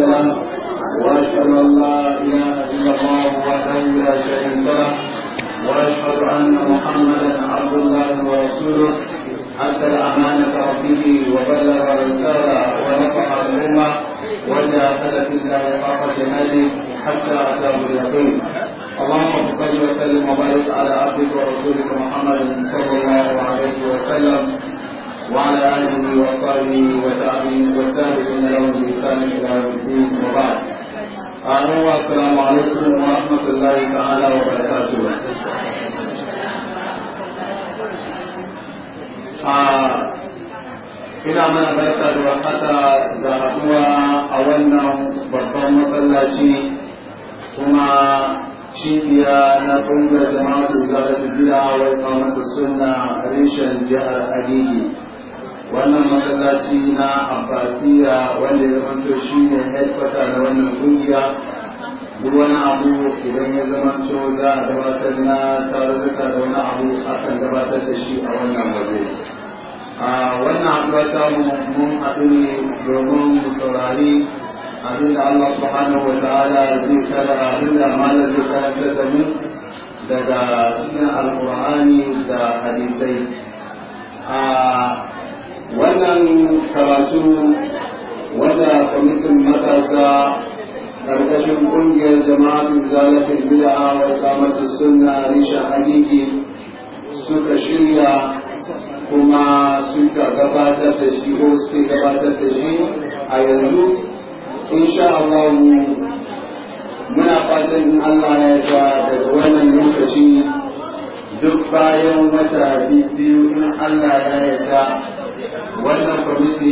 له واشهد ان لا اله الا الله وحده لا شريك له واشهد ان محمدا عبد الله ورسوله ادى الامانه ربه وبلغ الرساله ونصح الامه وجاهد في الله حق جهاده حتى اتاه اليقين اللهم صل وسلم وبارك على عبدك ورسولك محمد صلى الله عليه وسلم وعلى آله وصحبه وتابعين والتابعين لهم بإحسان إلى الدين وبعد أهلا السلام عليكم ورحمة الله تعالى وبركاته ina mana barka da za a haɗuwa a wannan babban masallaci kuma cibiya na ƙungiyar jama'atul biya bid'a wa reshen jihar Adigi wannan masallaci na abbasiya wanda ya zamanto shi ne haifata na wannan kungiya duk wani abu idan ya zamanto za a gabatar na tarurruka da wani abu a kan gabatar da shi a wannan waje a wannan abu haɗuwa ta mun haɗu ne domin mu saurari abin da Allah subhanahu wa ta'ala zai kara abin da malar zai karantar da mu daga cikin alkur'ani da hadisai wannan karatu wanda kwamitin matasa ƙarƙashin ƙungiyar jama'atun zalafin bid'a wa kamata sunna risha hadiki suka shirya kuma suka gabatar da shi ko suke gabatar da shi a yanzu insha Allah muna fatan in Allah ya ga daga wannan lokaci duk bayan wata biyu in Allah ya yarda wannan kwamiti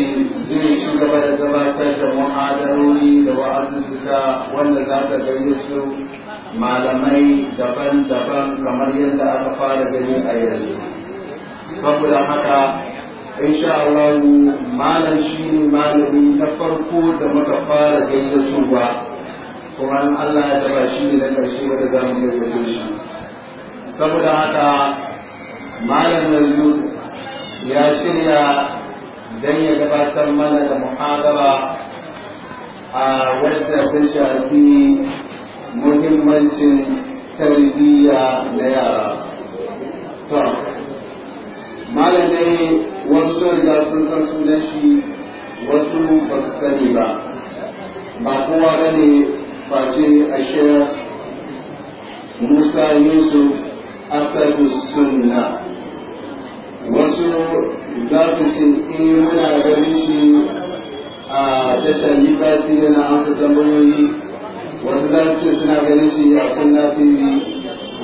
zai ci gaba da gabatar da muhadarori da wa'azuzzuka wanda za ta su malamai daban-daban kamar yadda aka fara gani a yanzu saboda haka insha Allah malam shi ne malami na farko da muka fara ba, kuma Allah ya taba shi ne na ƙarshe wanda za mu gayyato shi saboda haka malam yanzu ya shirya dan ya gabatar mana da muhadara a wadda ta shafi muhimmancin tarbiyya na yara. To, malamai wasu sun riga sun san sunan shi wasu ba su sani ba, ba kowa ba ne face ashe Musa Yusuf Asadu Sunna. wasu za su ce in eh, muna ganin shi a tashar liberty yana amsa tambayoyi wasu za su ce suna ganin shi a sunna tv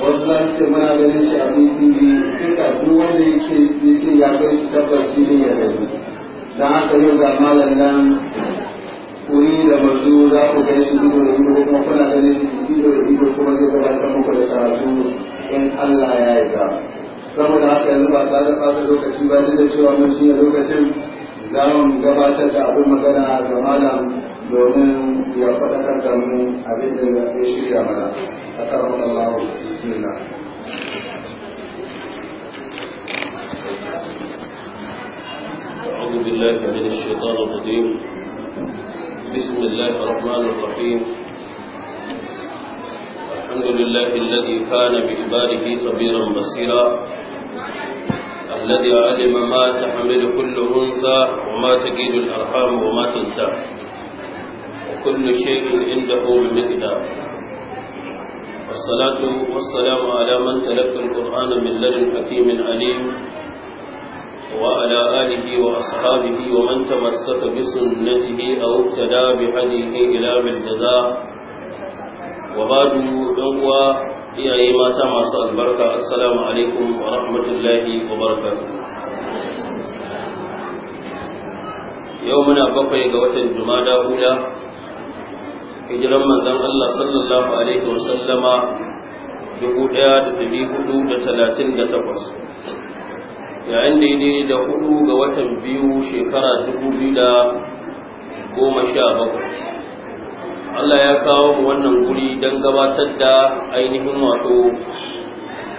wasu za su ce muna ganin shi a btv duka duk wanda yake yace ya kai shi tabbas shi ne ya gani don haka yau ga malam nan kuri da mazu za ku gani shi ido da ido kuma kuna ganin shi ido da ido kuma zai gabatar muku da karatu in Allah ya yi ta. saboda haka yanzu ba tare da ɓata lokaci ba duk da cewa mun shine lokacin za mu gabatar da abin magana ga malam domin ya faɗakar da mu abin da ya shirya mana a karamar Allah bismillah أعوذ بالله من الشيطان الرجيم بسم الله الرحمن الرحيم الحمد لله الذي كان بعباده خبيرا بصيرا الذي علم ما تحمل كل أنثى وما تجيد الأرحام وما تزداد وكل شيء عنده بمقدار والصلاة والسلام على من تلقى القرآن من لدن حكيم عليم وعلى آله وأصحابه ومن تمسك بسنته أو اقتدى بهديه إلى بالجزاء وبعد أقوى iyaye mata masu albarka assalamu alaikum wa rahmatullahi wa barka. yau muna bakwai ga watan jumada hula hijiran manzon Allah sallallahu alaihi wa sallama 1438 yayin da yi da hudu ga watan biyu shekara dubu biyu da goma sha bakwai Allah ya kawo mu wannan guri don gabatar da ainihin wato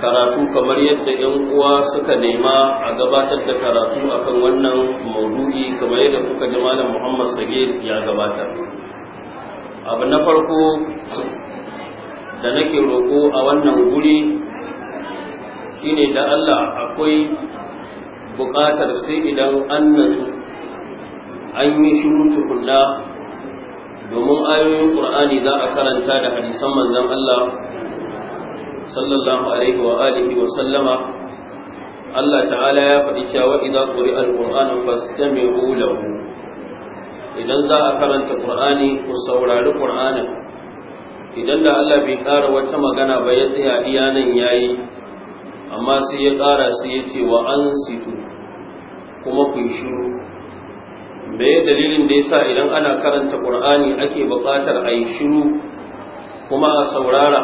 karatu kamar yadda 'yan uwa suka nema a gabatar da karatu akan wannan maudu'i kamar yadda kuka ji malam Muhammad Sagir ya gabata. Abu na farko da nake roƙo a wannan guri shine da Allah akwai buƙatar sai idan an an yi shiru tukunna domin ayoyin ƙur'ani za a karanta da hadisan manzon Allah sallallahu alaihi wa alihi wa sallama Allah ta'ala ya faɗi cewa idza quri'a al-qur'anu fastami'u lahu idan za a karanta qur'ani ku saurari qur'anin idan da Allah bai ƙara wata magana ba ya tsaya iya nan yayi amma sai ya ƙara sai ya ce wa ansitu kuma ku shiru me dalilin da yasa idan ana karanta qur'ani ake buƙatar a yi shiru kuma a saurara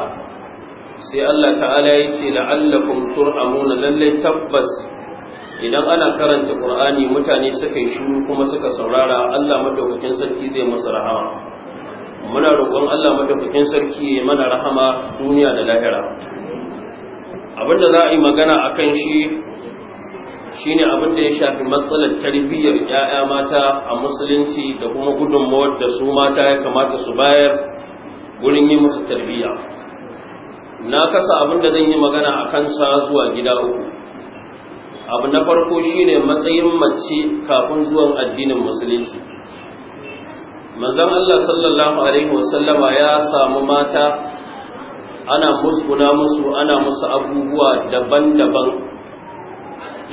sai Allah ta'ala ya ce la'allakum tur'amun lalle tabbas idan ana karanta qur'ani mutane suka yi shiru kuma suka saurara Allah madaukakin sarki zai masa rahama muna roƙon Allah madaukakin sarki ya mana rahama duniya da lahira abinda za a yi magana akan shi shine abin da ya shafi matsalar tarbiyyar 'ya'ya mata a musulunci da kuma gudunmawar da su mata ya kamata su bayar wurin yi musu tarbiyya na kasa abin da zan yi magana a kansa zuwa gida uku abu na farko shine matsayin mace kafin zuwan addinin musulunci manzon Allah sallallahu alaihi wasallama ya samu mata ana musguna musu ana musu abubuwa daban-daban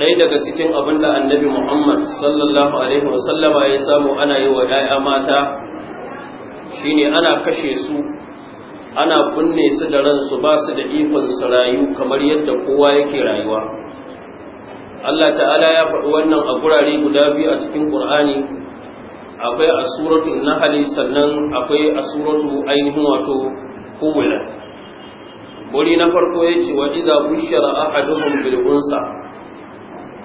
ɗaya daga cikin abin da annabi muhammad sallallahu alaihi wasallama ya samu ana yi wa ‘ya'ya mata shine ana kashe su ana kunne su da ransu ba su da ikon su rayu kamar yadda kowa yake rayuwa Allah ta'ala ya faɗi wannan a gurare guda biyu a cikin ƙur'ani akwai a suratun nahali sannan akwai a suratu ainihin wato kumula wuri na farko ya ce wa iza bushara ahaduhum bil unsa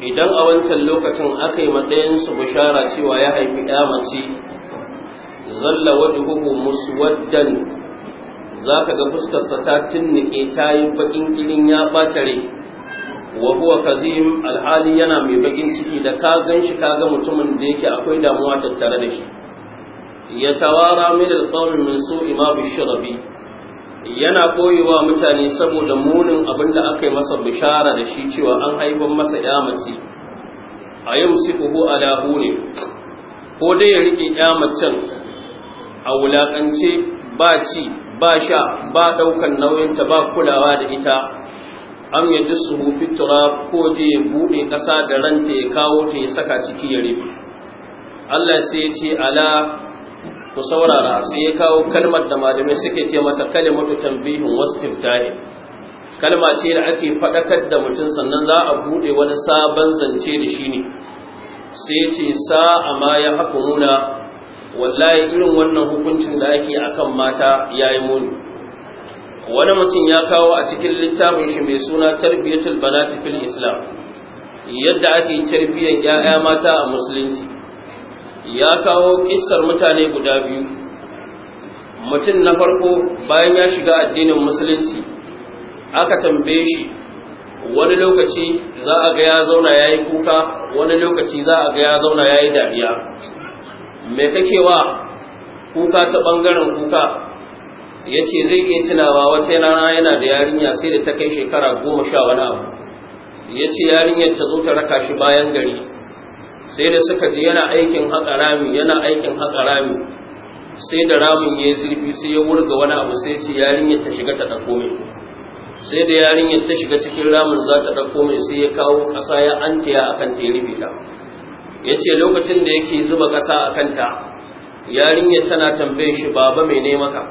idan a wancan lokacin aka yi matsayinsu bishara cewa ya haifi mace zalla wadda hugu muswaddan za ka ga fuskarsa ta tunnike ta yi baƙin ilin ya ɓacare wa huwa kazim alhali yana mai baƙin ciki da ka gan shi ka ga mutumin da yake akwai damuwa tattare da shi ya tawara min alƙawmi min su'i ma bishrabi yana koyewa mutane saboda munin abin da aka yi masa bishara da shi cewa an haifan masa yamaci a yau sikuhu alahu ne ko dai ya riƙe yamacin a wulaƙance ba ci ba sha ba ɗaukan nauyinta ba kulawa da ita am ya dusu fi ko je ya buɗe ƙasa da ranta ya kawo ta ya saka ciki ya rufe Allah sai ya ce ala ku saurara sai ya kawo kalmar da malamai suke ce mata kalimatu tanbihin wastiftahi kalma ce da ake faɗakar da mutum sannan za a bude wani sabon zance da shi ne sai ya ce sa ma ya nuna, wallahi irin wannan hukuncin da ake akan mata yayi muni wani mutum ya kawo a cikin littafin shi mai suna tarbiyatul banati fil islam yadda ake tarbiyyar 'ya'ya mata a musulunci ya kawo kissar mutane guda biyu mutum na farko bayan ya shiga addinin musulunci aka tambaye shi wani lokaci za a ga ya zauna ya yi kuka wani lokaci za a ga ya zauna ya yi dariya mai kakewa kuka ta bangaren kuka ya ce zai iya tunawa wata rana yana da yarinya sai da ta kai shekara goma sha wani abu ya ce yarinyar ta zo ta raka shi bayan gari sai da suka ji yana aikin haƙa rami yana aikin haƙa rami sai da ramin ya yi zurfi sai ya wurga wani abu sai ce yarinyar ta shiga ta ɗauko mai sai da yarinyar ta shiga cikin ramin za ta ɗauko mai sai ya kawo ƙasa ya antiya a kan ta ya ce lokacin da yake zuba ƙasa a kanta yarinyar tana tambaye shi baba mai nema ka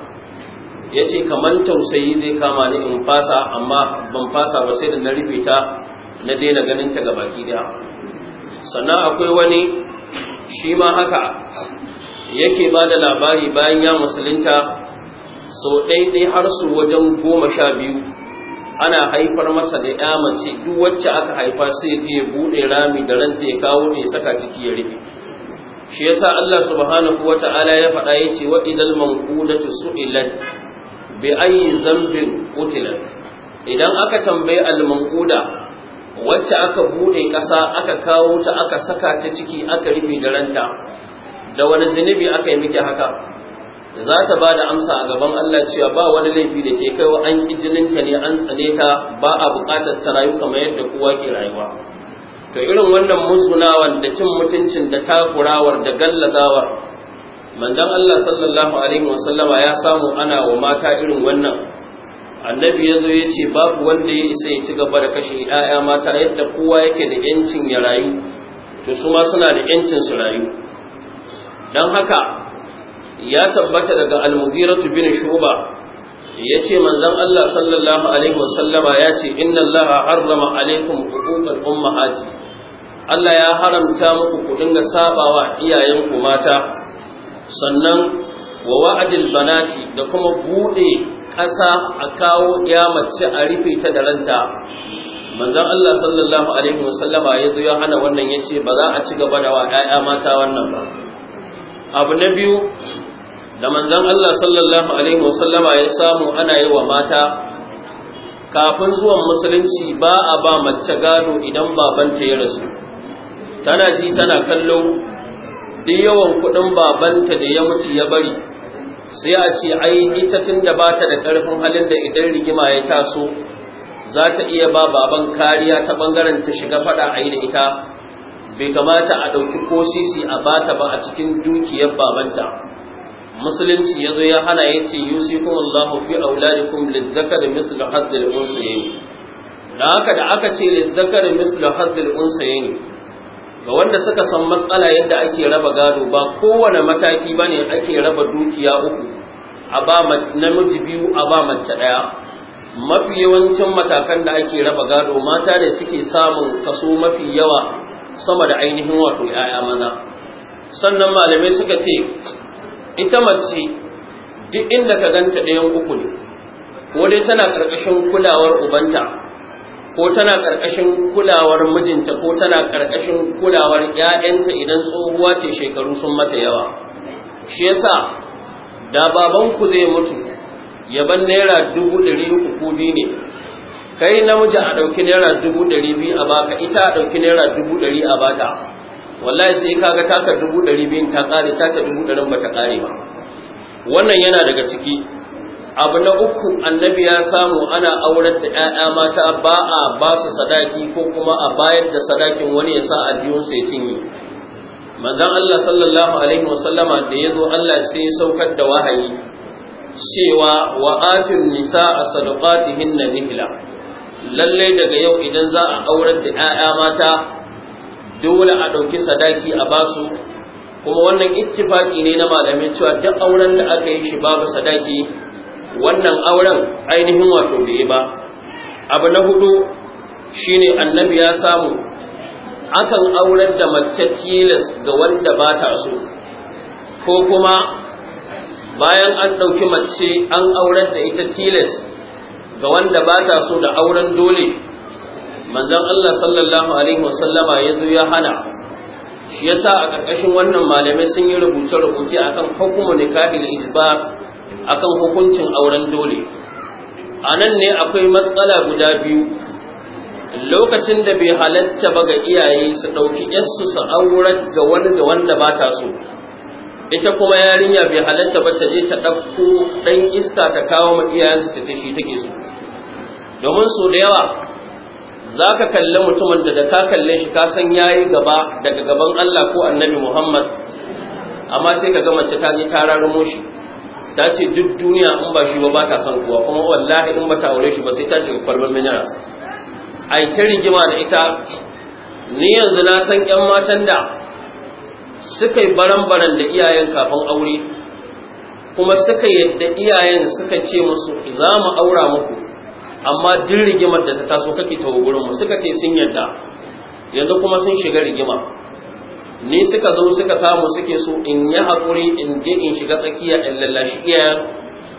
ya ce kamar tausayi zai kama ni in fasa amma ban fasa ba sai da na rufe ta na daina ganin ta ga baki ɗaya sannan akwai wani shi ma haka yake ba da labari bayan ya musulunta so ɗaiɗai har su wajen goma sha biyu ana haifar masa da ya mace duk wacce aka haifa sai je buɗe rami da ranta ya kawo ne saka ciki ya rufe shi yasa Allah subhanahu wata'ala ya faɗa ya ce wa idal manqudatu su'ilat bi ayyi dhanbin qutilat idan aka tambaye al manquda wacce aka bude ƙasa aka kawo ta aka saka ta ciki aka rufe da ranta da wani zunubi aka yi miki haka za ta ba da amsa a gaban Allah cewa ba wani laifi da ke kaiwa an ƙi jininta ne an tsane ta ba a buƙatar ta rayu kamar yadda kowa ke rayuwa to irin wannan musunawan da cin mutuncin da takurawar da gallazawar manzon Allah sallallahu alaihi wasallama ya samu ana wa mata irin wannan annabi ya zo ya ce babu wanda ya isa ya ci gaba da kashe ‘ya'ya mata yadda kowa yake da ‘yancin ya rayu to su ma suna da ‘yancin su rayu don haka ya tabbata daga almubiratu bin shuba ya ce manzan Allah sallallahu alaihi wasallama ya ce inna Allah harrama alaikum hukumar haji. Allah ya haramta muku ku dinga sabawa iyayenku mata sannan wa wa'adil banati da kuma bude ƙasa a kawo ya mace a rufe ta da ranta manzon Allah sallallahu alaihi wasallama ya zo ya hana wannan yace ba za a ci gaba da wa ƴaƴa mata wannan ba abu na biyu da manzon Allah sallallahu alaihi wasallama ya samu ana yi wa mata kafin zuwan musulunci ba a ba mace gado idan babanta ya rasu tana ji tana kallo duk yawan kuɗin babanta da ya mutu ya bari sai a ce ai ita tun da ba ta da ƙarfin halin da idan rigima ya taso za ta iya ba baban kariya ta ɓangaren ta shiga faɗa a yi da ita bai kamata a ɗauki ko sisi a ba ta ba a cikin dukiyar babanta musulunci ya zo ya hana ya ce yusikum allahu fi auladikum lizzakari mislu hazzil unsayin da haka da aka ce lizzakari da hazzil unsayin ga wanda suka san matsala yadda ake raba gado ba kowane mataki ba ne ake raba dukiya uku a ba namiji biyu a ba mace ɗaya mafi yawancin matakan da ake raba gado mata ne suke samun kaso mafi yawa sama da ainihin wato 'ya'ya maza sannan malamai suka ce ita mace duk inda ka ganta ɗayan uku ne ko dai tana ƙarƙashin kulawar ubanta ko tana ƙarƙashin kulawar mijinta ko tana ƙarƙashin kulawar ‘ya'yanta idan tsohuwa ce shekaru sun mata yawa shi yasa da babanku zai mutu ya ban naira dubu ɗari uku ko biyu ne kai namiji a ɗauki naira dubu ɗari biyu a baka ita a ɗauki naira dubu ɗari a bata wallahi sai kaga taka dubu ɗari biyun ta ƙare taka dubu ɗarin ba ta ƙare ba wannan yana daga ciki abu na uku annabi ya samu ana aurar da ‘ya'ya mata ba a ba su sadaki ko kuma a bayar da sadakin wani ya sa a aljihunsa ya cinye manzan Allah sallallahu alaihi wasallama da ya zo Allah sai ya saukar da wahayi cewa wa afin nisa a sadaqatihin na nihila lallai daga yau idan za a aurar da ‘ya'ya mata dole a ɗauki sadaki a basu kuma wannan ittifaki ne na malamin cewa duk auren da aka yi shi babu sadaki wannan auren ainihin wato bai ba abu na hudu shine annabi ya samu akan aurar da mace tilas ga wanda ba ta so ko kuma bayan an ɗauki mace an aurar da ita tilas ga wanda ba ta so da auren dole manzon Allah sallallahu alaihi wasallama ya zo ya hana shi yasa a ƙarƙashin wannan malamai sun yi rubuce-rubuce akan hukumar nikahil ijbar akan hukuncin auren dole a nan ne akwai matsala guda biyu lokacin da bai halatta ba ga iyaye su ɗauki yarsu su auren ga wani da wanda ba ta so ita kuma yarinya bai halatta ba ta je ta ɗauko ɗan iska ta kawo ma iyayensu ta tashi take so domin so da yawa za ka kalli mutumin da ka kalle shi ka san ya yi gaba daga gaban Allah ko annabi Muhammad amma sai ka ga mace ta je ta shi ta ce duk duniya in ba shi ba ba ta son kuwa kuma wallahi in ba ta aure shi ba sai ta jiga kwalbar minerals yi ta rigima da ita ni yanzu na san yan matan da suka yi baran-baran da iyayen kafin aure kuma suka yadda iyayen suka ce musu za mu aura muku amma duk rigimar da ta taso kake ta mu suka ce sun yadda yanzu kuma sun shiga rigima ni suka zo suka samu suke so in yi haƙuri in je in shiga tsakiya in lallashi iyayen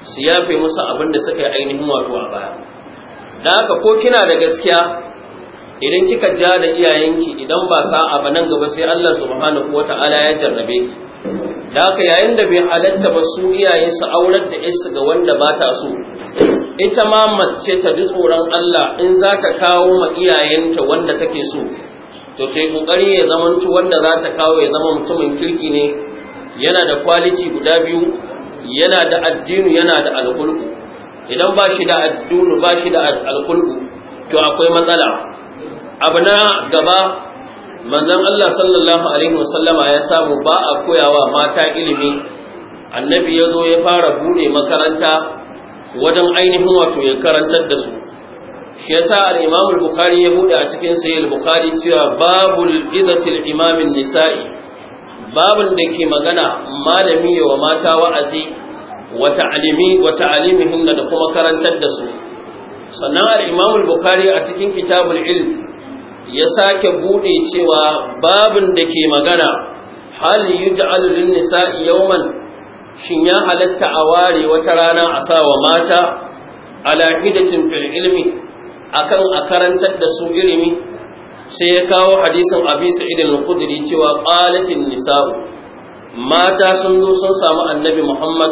su yafe musu abin da suka yi ainihin wato a baya da haka ko kina da gaskiya idan kika ja da iyayenki idan ba sa'a ba nan gaba sai Allah subhanahu Ta'ala ya jarrabe ki da haka yayin da bai halatta ba su iyaye su aurar da isa ga wanda ba ta so ita ma mace ta ji tsoron Allah in za ka kawo ma iyayenta wanda take so to ta yi ƙoƙari ya zamanci wanda za ta kawo ya zama mutumin kirki ne yana da kwaliti guda biyu yana da addinu yana da alkulku idan ba shi da addinu ba shi da alkulku to akwai matsala abu na gaba manzon Allah sallallahu alaihi wasallama ya samu ba a koyawa mata ilimi annabi ya zo ya fara bude makaranta wajen ainihin wato ya karantar da su shi yasa al-Imam al-Bukhari ya buɗe a cikin sahih al-Bukhari cewa babul izatil imam nisai babun da ke magana malami wa mata wa'azi wa ta'limi wa da kuma karantar da su sannan al-Imam bukhari a cikin kitabul ilm ya sake buɗe cewa babun da ke magana hal yuj'alu lin-nisa'i yawman shin ya halatta a ware wata rana a sa wa mata ala hidatin fil ilmi akan a karantar da su ilimi sai ya kawo hadisin abi sa'id al-khudri cewa qalatin nisa'u mata sun zo sun samu annabi muhammad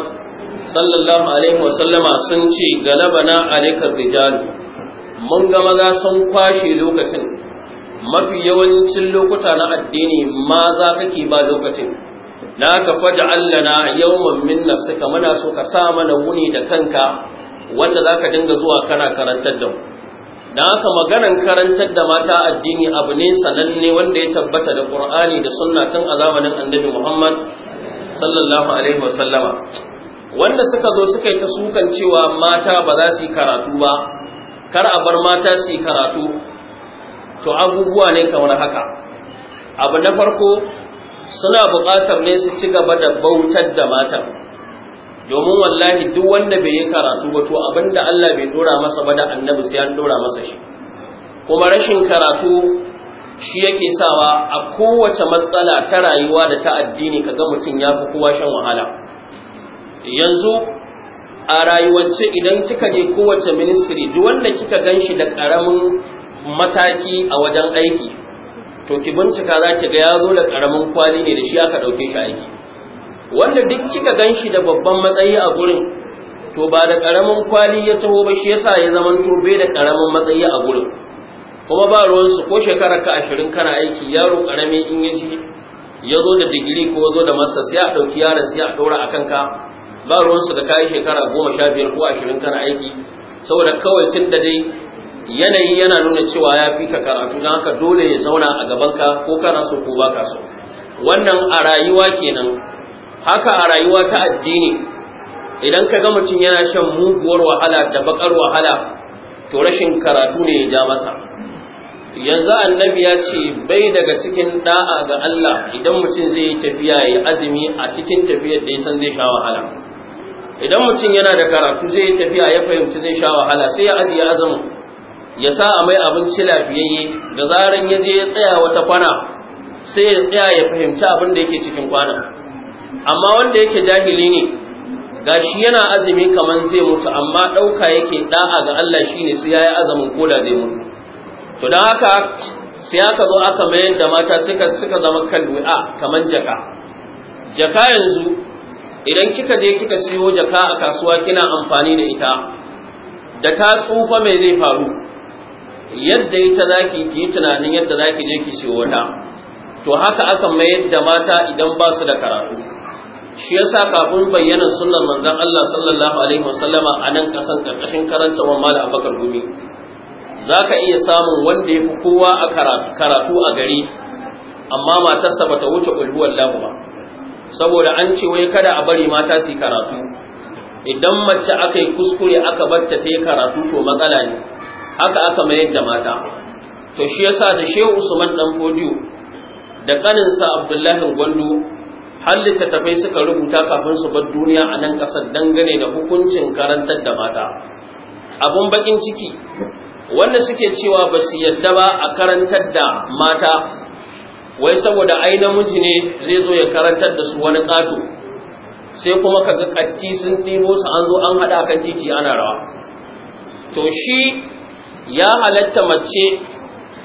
sallallahu alaihi wa sallama sun ce galabana alaikar rijal mun ga maza sun kwashe lokacin mafi yawancin lokuta na addini maza kake ba lokacin na ka faɗa Allah na yawman min nafsika muna so ka sa mana wuni da kanka wanda zaka dinga zuwa kana karantar da mu dan haka maganan karantar da mata addini abu ne sananne wanda ya tabbata da Qur'ani da sunna tun a zamanin Annabi Muhammad sallallahu alaihi wasallama wanda suka zo suka yi ta sukan cewa mata ba za su yi karatu ba kar a bar mata su yi karatu to abubuwa ne kamar haka abu na farko suna buƙatar ne su ci gaba da bautar da matan domin wallahi duk wanda bai yi karatu ba to abinda Allah bai dora masa ba da annabi sai an dora masa shi kuma rashin karatu shi yake sawa a kowace matsala ta rayuwa da ta addini kaga mutum ya fi kowa shan wahala yanzu a rayuwance idan kika je kowace ministry duk wanda kika ganshi da karamin mataki a wajen aiki to ki bincika zaki ga ya zo da karamin kwali ne da shi aka dauke shi aiki wanda duk kika ganshi da babban matsayi a gurin to ba da karamin kwali ya taho ba shi yasa ya zaman to bai da karamin matsayi a gurin kuma ba ruwan su ko shekara ka ashirin kana aiki yaro karami in ya ci ya zo da digiri ko zo da masa sai a ɗauki yaron sai a ɗora a kanka ba ruwan su da kayi shekara goma sha biyar ko ashirin kana aiki saboda kawai tun da dai yanayi yana nuna cewa ya fi ka karatu don haka dole ya zauna a gabanka ko kana so ko baka so wannan a rayuwa kenan haka a rayuwa ta addini idan ka ga mutum yana shan muguwar wahala da bakar wahala to rashin karatu ne ya ja masa yanzu annabi ya ce bai daga cikin da'a ga Allah idan mutum zai tafiya ya azumi a cikin tafiyar da ya san zai sha wahala idan mutum yana da karatu zai tafiya ya fahimci zai sha wahala sai ya ajiye azumin ya sa a mai abinci lafiyayye da zaran ya je ya tsaya wata kwana sai ya tsaya ya fahimci abin da yake cikin kwana amma wanda yake jahili ne gashi yana azumi kaman zai mutu amma ɗauka yake ɗa'a ga Allah shine sai yayi azumin koda zai mutu to dan haka sai aka zo aka mayar da mata suka suka zama WI’A kaman jaka jaka yanzu idan kika je kika siyo jaka a kasuwa kina amfani da ita da ta tsufa mai zai faru yadda ita zaki ki yi tunanin yadda zaki je ki siyo wata to haka aka mayar da mata idan ba su da karatu shi yasa kafin bayyana sunnar manzon Allah sallallahu alaihi wasallama a nan kasan karkashin karanta wa mala abakar gumi zaka iya samun wanda ya fi kowa a karatu a gari amma matarsa bata wuce ulhuwan lahu ba saboda an ce wai kada a bari mata su karatu idan mace aka yi kuskure aka barta ta yi karatu to matsala ne haka aka mayar da mata to shi yasa da shehu usman dan fodiyo da kaninsa abdullahi gwandu har littattafai suka rubuta kafin su bar duniya a nan ƙasar dangane da hukuncin karantar da mata abun bakin ciki wanda suke cewa ba su yadda ba a karantar da mata wai saboda ai namiji ne zai zo ya karantar da su wani ƙato sai kuma kaga katti sun ɗibo su an zo an haɗa kan titi ana rawa to shi ya halatta mace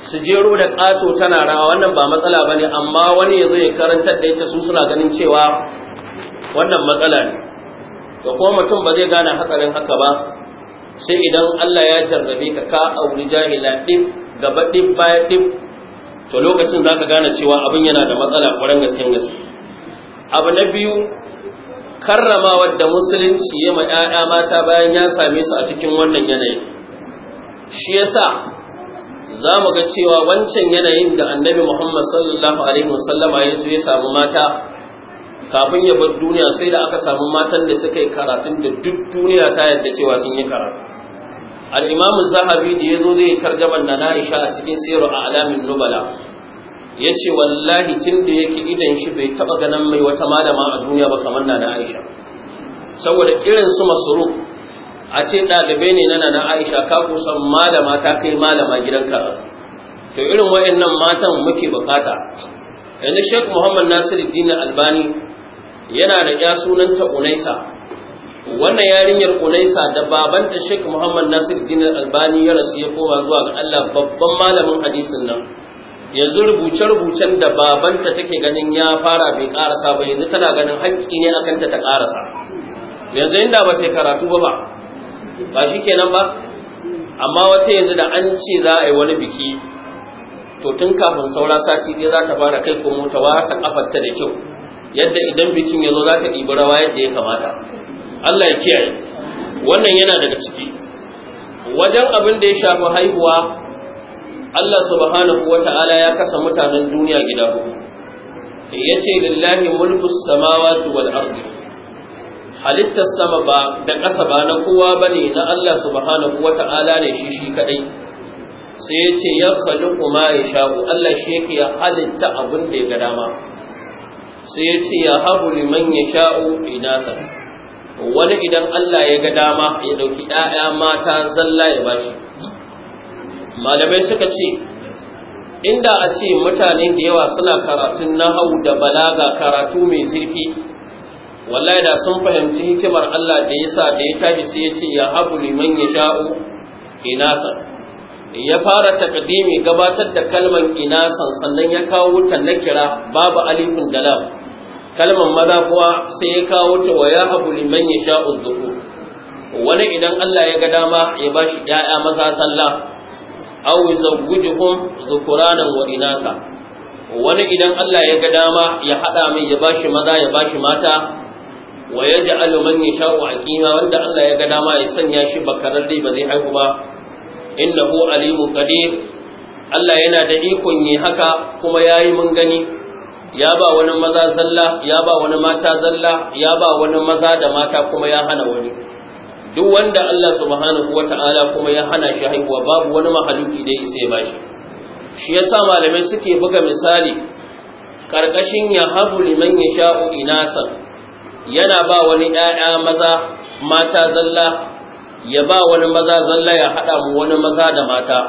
su jero da ƙato tana rawa wannan ba matsala ba ne amma wani ya zai karantar da ita su suna ganin cewa wannan matsala ne to kuma mutum ba zai gane hatsarin haka ba sai idan Allah ya jarrabe ka ka auri jahila ɗin gaba ɗin baya ɗin to lokacin za gane cewa abin yana da matsala ƙwarar gaske gaske abu na biyu karramawar da musulunci ya ma 'ya'ya mata bayan ya same su a cikin wannan yanayi shi yasa za mu ga cewa wancan yanayin da annabi Muhammad sallallahu alaihi wasallama ya zo ya samu mata kafin ya bar duniya sai da aka samu matan da suka yi karatun da duk duniya ta yadda cewa sun yi karatu al zahabi da ya zo zai tarjaman na Aisha a cikin siru a alamin nubala ya ce wallahi tun da yake idan shi bai taɓa ganin mai wata malama a duniya ba kamar na Aisha saboda irin su masruf a ce ɗalibai ne na na aisha ka kusan malama ta kai malama gidan ka. to irin wayannan matan muke bukata yanzu Sheik muhammad Nasiru Dina albani yana da ya sunanta unaisa wannan yarinyar unaisa da babanta Sheik muhammad Nasiru Dina albani ya rasu ya koma zuwa ga allah babban malamin hadisin nan yanzu rubuce-rubucen da babanta take ganin ya fara bai karasa ba yanzu tana ganin haƙƙi ne akan ta ta karasa yanzu inda ba sai karatu ba ba ba shi kenan ba amma wata yanzu da an ce za a yi wani biki to tun kafin saura sati ɗaya za ta fara kai ko mota wasa kafarta da kyau yadda idan bikin ya zo za ta ɗibi rawa yadda ya kamata Allah ya kiyaye wannan yana daga ciki wajen abin da ya shafi haihuwa Allah subhanahu wa ya kasa mutanen duniya gida Ya yace lillahi mulku samawati wal ardi halittar sama ba da ƙasa ba na kowa ba ne, na Allah subhanahu ta'ala ne shi shi kaɗai. sai ya ce ya kuma ma sha'u, Allah shi yake ya halitta abin da ya ga dama sai ya ce ya haɓu liman sha'u inata wani idan Allah ya ga dama ya ɗauki ɗaya mata zalla ya bashi malamai suka ce inda a ce mutane da yawa suna karatun nahau da balaga karatu mai zurfi wallahi da sun fahimci hikimar Allah da yasa da ya tashi sai ya ce ya habu liman yasha'u inasa ya fara takdimi gabatar da kalmar inasan sannan ya kawo ta kira babu alifin dalam kalmar maza kuwa sai ya kawo ta wa ya habu liman yasha'u dhukur wani idan Allah ya ga dama ya bashi ya'ya maza sallah aw yuzawwijuhum dhukuranan wa inasa wani idan Allah ya ga dama ya hada mai ya bashi maza ya bashi mata wa yaj'alu man a aqima wanda Allah ya ga dama ya sanya shi dai ba zai haihu ba innahu alimu qadir Allah yana da ikon yi haka kuma yayi mun gani ya ba wani maza zalla ya ba wani mata zalla ya ba wani maza da mata kuma ya hana wani duk wanda Allah subhanahu Ta'ala kuma ya hana shi haihuwa babu wani mahaluki da sai ba shi shi yasa malamai suke buga misali karkashin ya habu liman yasha'u inasan yana ba wani ‘ya'ya maza mata zalla ya ba wani maza zalla ya haɗa mu wani maza da mata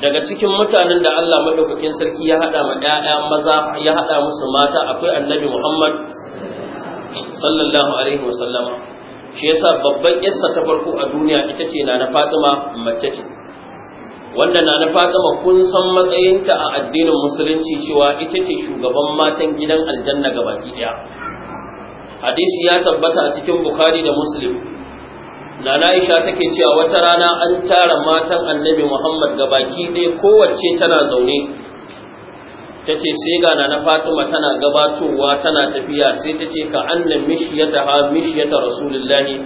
daga cikin mutanen da Allah maɗaukakin sarki ya haɗa ma ‘ya'ya maza ya haɗa musu mata akwai annabi Muhammad sallallahu alaihi wasallam shi yasa babban yassa ta farko a duniya ita ce na na Fatima mace ce wanda na na fatima kun san matsayinta a addinin musulunci cewa ita ce shugaban matan gidan aljanna gabaki ɗaya. hadisi ya tabbata a cikin bukhari da muslim na aisha take cewa wata rana an tara matan annabi muhammad ga baki ɗaya kowace tana zaune ta ce sai gana na fatima tana gabatowa tana tafiya sai ta ce ka annan mishiyata ha mishiyata rasulullahi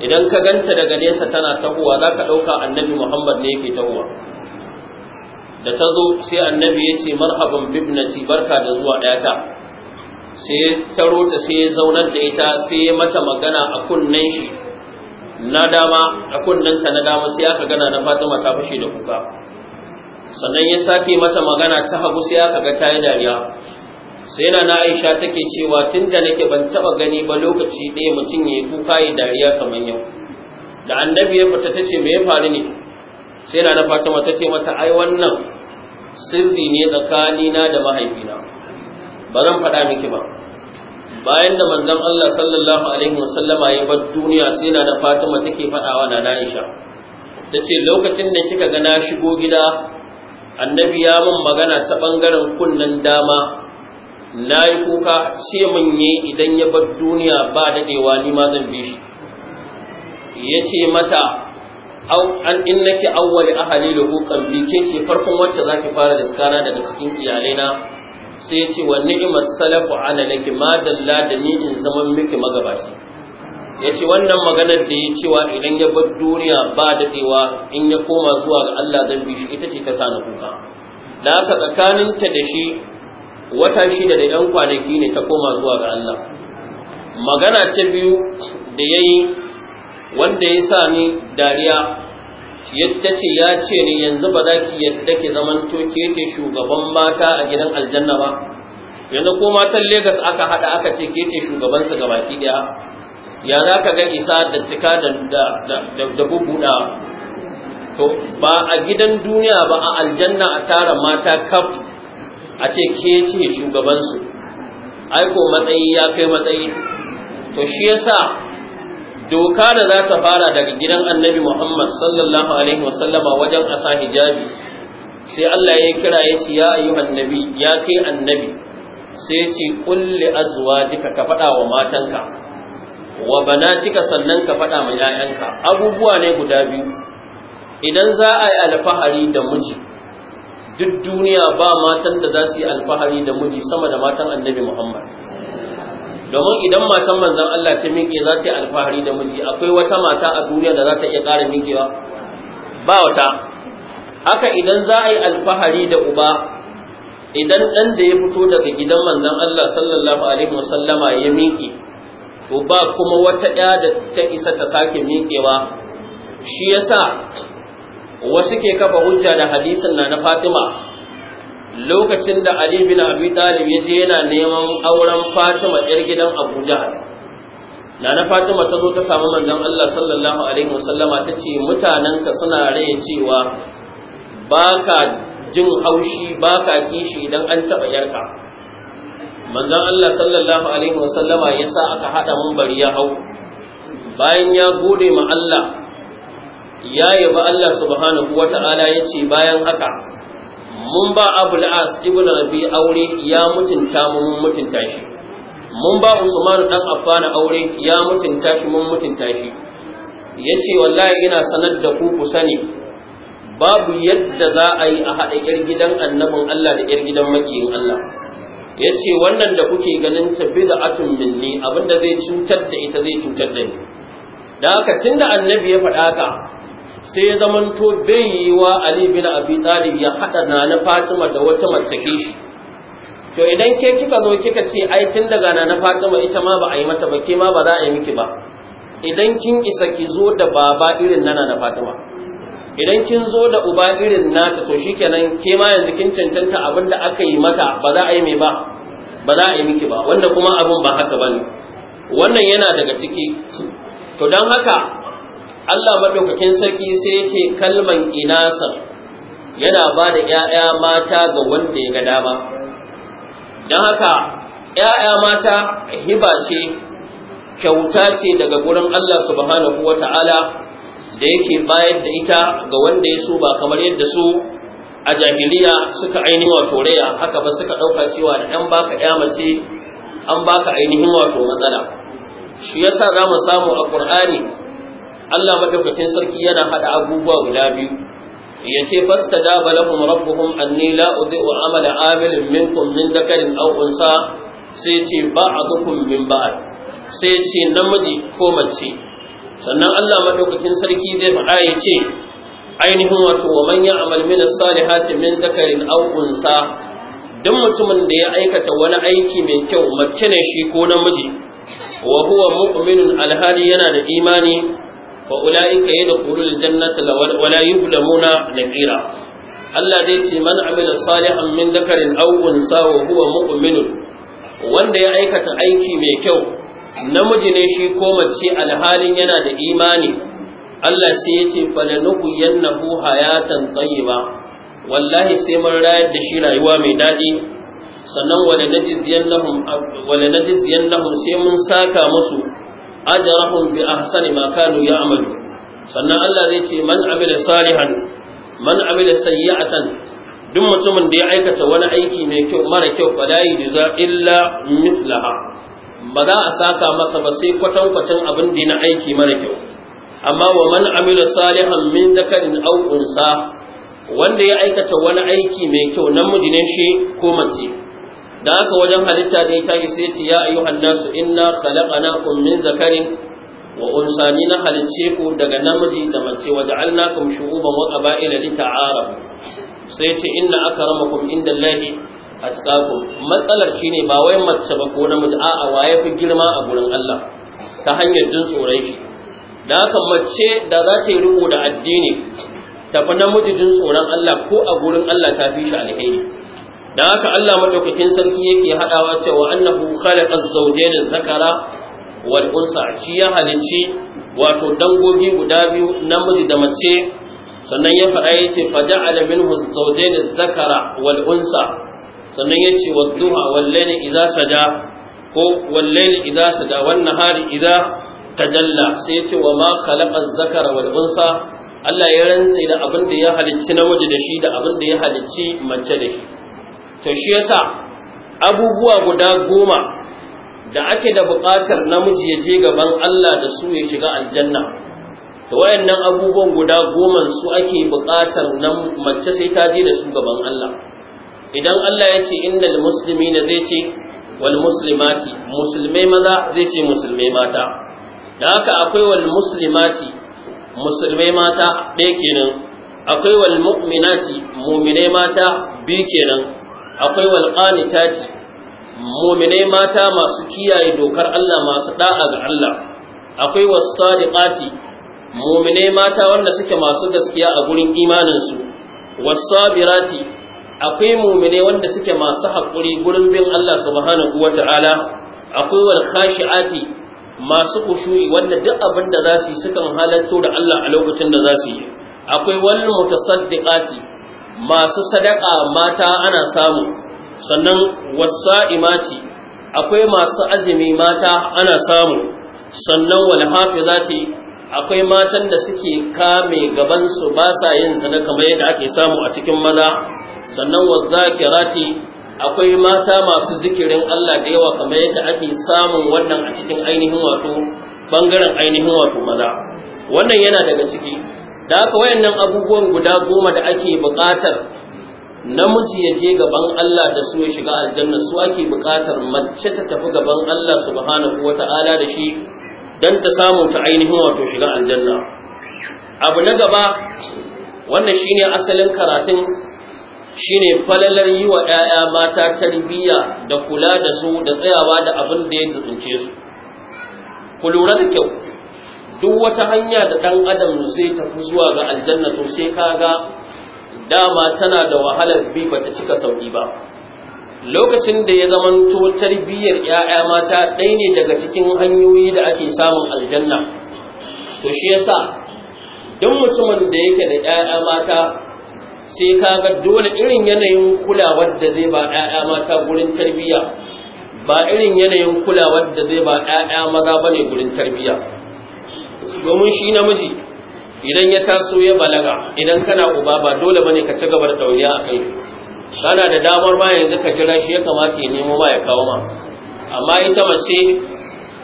idan ka ganta daga nesa tana tahowa za ka ɗauka annabi muhammad ne yake tahowa da ta zo sai annabi ya ce marhaban bibnati barka da zuwa ɗayata sai ya taro ta sai ya zaunar da ita sai ya mata magana a kunnen shi na dama a kunnen ta na dama sai aka gana na fatima ta fashe da kuka sannan ya sake mata magana ta hagu sai aka ga ta yi dariya sai na aisha take cewa tun da nake ban taba gani ba lokaci ɗaya mutum ya yi kuka ya dariya kamar yau da annabi ya fita ta ce me ya faru ne sai na fatima ta ce mata ai wannan sirri ne tsakanina da mahaifina ba zan faɗa miki ba bayan da manzon Allah sallallahu alaihi wasallama ya bar duniya sai na Fatima take faɗawa nana Aisha tace lokacin da kika ga na shigo gida annabi ya mun magana ta bangaren kunnen dama na yi kuka ce mun yi idan ya bar duniya ba daɗewa ni ma zan bi shi ya ce mata an in nake awwali ahali da hukan bi ke ce farkon wacce za ki fara diskana daga cikin iyalaina sai ce wa ni'imar salafu ana laki ma dalla da ni in zama miki magabashi ya ce wannan maganar da ya cewa idan ya bar duniya ba daɗewa in ya koma zuwa ga Allah zan bi shi ita ce ta sa kuka da haka tsakaninta da shi wata shida da ‘yan kwanaki ne ta koma zuwa ga Allah magana ta biyu da ya yi wanda ya sa ni dariya yadda ce ya ce ne yanzu ba za ki yadda ki zaman toke ke shugaban mata a gidan aljanna ba yanzu ko matan Legas aka hada aka ce ke ce shugaban su gabaki daya ya za ka ga isa da cika da da bubuda to ba a gidan duniya ba a aljanna a tara mata kaf a ce ke ce shugaban aiko matsayi ya kai matsayi to shi yasa doka da za ta fara daga gidan annabi Muhammad sallallahu alaihi wasallama wajen asa hijabi sai Allah ya kira ya ce ya ayyuhan annabi ya kai annabi sai ce kulli azwajika ka faɗa wa matanka wa bana cika sannan ka faɗa ma 'ya'yanka abubuwa ne guda biyu idan za a yi alfahari da miji duk duniya ba matan da za su yi alfahari da muji sama da matan annabi Muhammad domin idan matan manzan Allah ta miƙe za ta yi alfahari da miji akwai wata mata a duniya da za ta iya ƙara miƙewa ba wata haka idan za a yi alfahari da uba idan ɗan da ya fito daga gidan manzan Allah sallallahu alaihi wasallama ya miƙe to ba kuma wata ɗaya da ta isa ta sake miƙewa shi yasa wasu ke kafa hujja da hadisin na na Fatima lokacin da Ali bin Abi Talib ya yana neman auren Fatima yar gidan Abu na Nana Fatima ta zo ta samu manzon Allah sallallahu alaihi wasallama ta ce mutanenka suna raye cewa ka jin haushi baka kishi idan an taba yarka manzon Allah sallallahu alaihi wasallama ya sa aka haɗa mun bari ya hau bayan ya gode ma Allah ya yaba Allah subhanahu wata'ala ya ce bayan haka mun ba abul as ibn rabi aure ya mutunta mu mun mutunta shi mun ba usman dan affana aure ya mutunta shi mun mutunta shi yace wallahi ina sanar da ku ku sani babu yadda za a yi a haɗa 'yar gidan annabin Allah da 'yar gidan makiyin Allah yace wannan da kuke ganin ta bi da atun minni abinda zai cutar da ita zai cutar da ni da haka tunda annabi ya faɗa haka sai ya zamanto bin yi wa Ali bin Abi Talib ya haɗa na Fatima da wata mace shi to idan ke kika zo kika ce ai tun daga na Fatima ita ma ba a yi mata ba ke ma ba za a yi miki ba idan kin isa ki zo da baba irin na Fatima idan kin zo da uba irin nata to shikenan ke ma yanzu kin cancanta abin da aka yi mata ba za a yi mai ba ba za a yi miki ba wanda kuma abin ba haka bane wannan yana daga ciki to don haka Allah maɗaukakin sarki sai ya ce kalman inasa yana ba da ‘ya'ya mata ga wanda ya ga dama don haka ‘ya'ya mata hiba ce kyauta ce daga gurin Allah subhanahu wa ta'ala da yake bayar da ita ga wanda ya so ba kamar yadda su a jahiliya suka ainihin wato raya haka ba suka ɗauka cewa da ɗan baka ya mace an baka ainihin wato matsala shi yasa za mu samu a ƙur'ani Allah madaukakin sarki yana hada abubuwa guda biyu yace fastajaba lahum rabbuhum anni la udhi'u amala amilin minkum min dhakarin aw unsa sai ce ba'dukum min ba'd sai ce namiji ko mace sannan Allah madaukakin sarki zai faɗa ya ce ainihin wato wa man ya'mal min as-salihati min dhakarin aw unsa duk mutumin da ya aikata wani aiki mai kyau mace ne shi ko namiji wa huwa mu'minun alhali yana da imani wa ula'ika yadkhulul jannata yi la na naqira Allah zai ce man amila salihan min dakarin wa huwa mu'minun wanda ya aikata aiki mai kyau namiji ne shi ko mace alhalin yana da imani Allah sai ya ce falanuhyiyannahu hayatan tayyiba wallahi sai mun rayar da shi rayuwa mai daɗi sannan wala najziyannahum wala najziyannahum sai mun saka musu ajrahum bi ahsani ma kanu ya'malu sannan Allah zai ce man amila salihan man amila sayyi'atan duk mutumin da ya aikata wani aiki mai kyau mara kyau yi yujza illa mislaha ba za a saka masa ba sai kwatan kwatan abin da na aiki mara kyau amma wa man amila salihan min dakarin aw unsa wanda ya aikata wani aiki mai kyau namiji ne shi ko mace da aka wajen halitta da ya tashi sai ce ya ayyuhan nasu inna khalaqnakum min zakarin wa usani na halicce ku daga namiji da mace wa ja'alnakum shu'uban wa qaba'ila lita'arafu sai ce inna akramakum indallahi atqakum matsalar shine ba wai mace ba ko namiji a'a waye fi girma a gurin Allah ta hanyar jin tsoron shi da aka mace da za ta yi riko da addini tafi namiji jin tsoron Allah ko a gurin Allah ta fi shi alheri Da haka Allah madaukakin sarki yake hadawa cewa annahu khalaqa az-zawjayn adh-dhakara wal unsa shi ya halicci wato dangogi guda biyu namiji da mace sannan ya faɗa yace faja'ala minhu az-zawjayn adh-dhakara wal unsa sannan yace wad-duha wal layli idza saja ko wal layli idza saja wan nahari idza tajalla sai yace wa ma khalaqa adh-dhakara wal unsa Allah ya rantse da abin da ya halicci namiji da shi da abin da ya halicci mace da shi ta shi yasa abubuwa guda goma da ake da buƙatar namiji ya je gaban Allah da su ya shiga aljanna da wayannan abubuwan guda goma su ake buƙatar nan mace sai ta je da su gaban Allah idan Allah ya ce innal muslimina zai ce wal muslimati musulmai maza zai ce musulmai mata da haka akwai wal muslimati musulmai mata ɗaya kenan akwai wal mu'minati mu'minai mata biyu kenan akwai walƙani tati muminai mata masu kiyaye dokar Allah masu ɗa'a ga Allah akwai wasadiqati muminai mata wanda suke masu gaskiya a gurin imaninsu sabirati. akwai muminai wanda suke masu haƙuri gurin bin Allah subhanahu Ta'ala? akwai wal khashi'ati masu kushuri wanda duk abin da za su yi sukan halatto da Allah a lokacin da za su yi akwai wal mutasaddiqati masu sadaka mata ana samu sannan wasa'imati akwai masu azumi mata ana samu sannan wal hafizati akwai matan da suke kame gabansu su ba sa yin zina kamar yadda ake samu a cikin maza sannan wazakirati akwai mata masu zikirin Allah da yawa kamar yadda ake samun wannan a cikin ainihin wato bangaren ainihin wato maza wannan yana daga ciki da haka wayannan abubuwan guda goma da ake buƙatar namiji ya je gaban Allah da su ya shiga aljanna su ake buƙatar mace ta tafi gaban Allah subhanahu wata'ala da shi dan ta samu ta ainihin wato shiga aljanna abu na gaba wannan shine asalin karatun shine falalar yi wa 'ya'ya mata tarbiyya da kula da su da tsayawa da abin da ya tsince su ku lura da kyau duk wata hanya da ɗan adam zai tafi zuwa ga aljanna to sai kaga dama tana da wahalar bi bata cika sauki ba lokacin da ya zamanto tarbiyyar 'ya'ya mata ɗaya ne daga cikin hanyoyi da ake samun aljanna to shi yasa duk mutumin da yake da 'ya'ya mata sai kaga dole irin yanayin kulawar da zai ba 'ya'ya mata gurin tarbiyya ba irin yanayin kulawar da zai ba 'ya'ya maza bane gurin tarbiyya domin shi namiji idan ya taso ya balaga idan kana uba ba dole bane ka ci gaba da dauriya a kai kana da damar ma yanzu ka jira shi ya kamata ya nemo ma ya kawo ma amma ita mace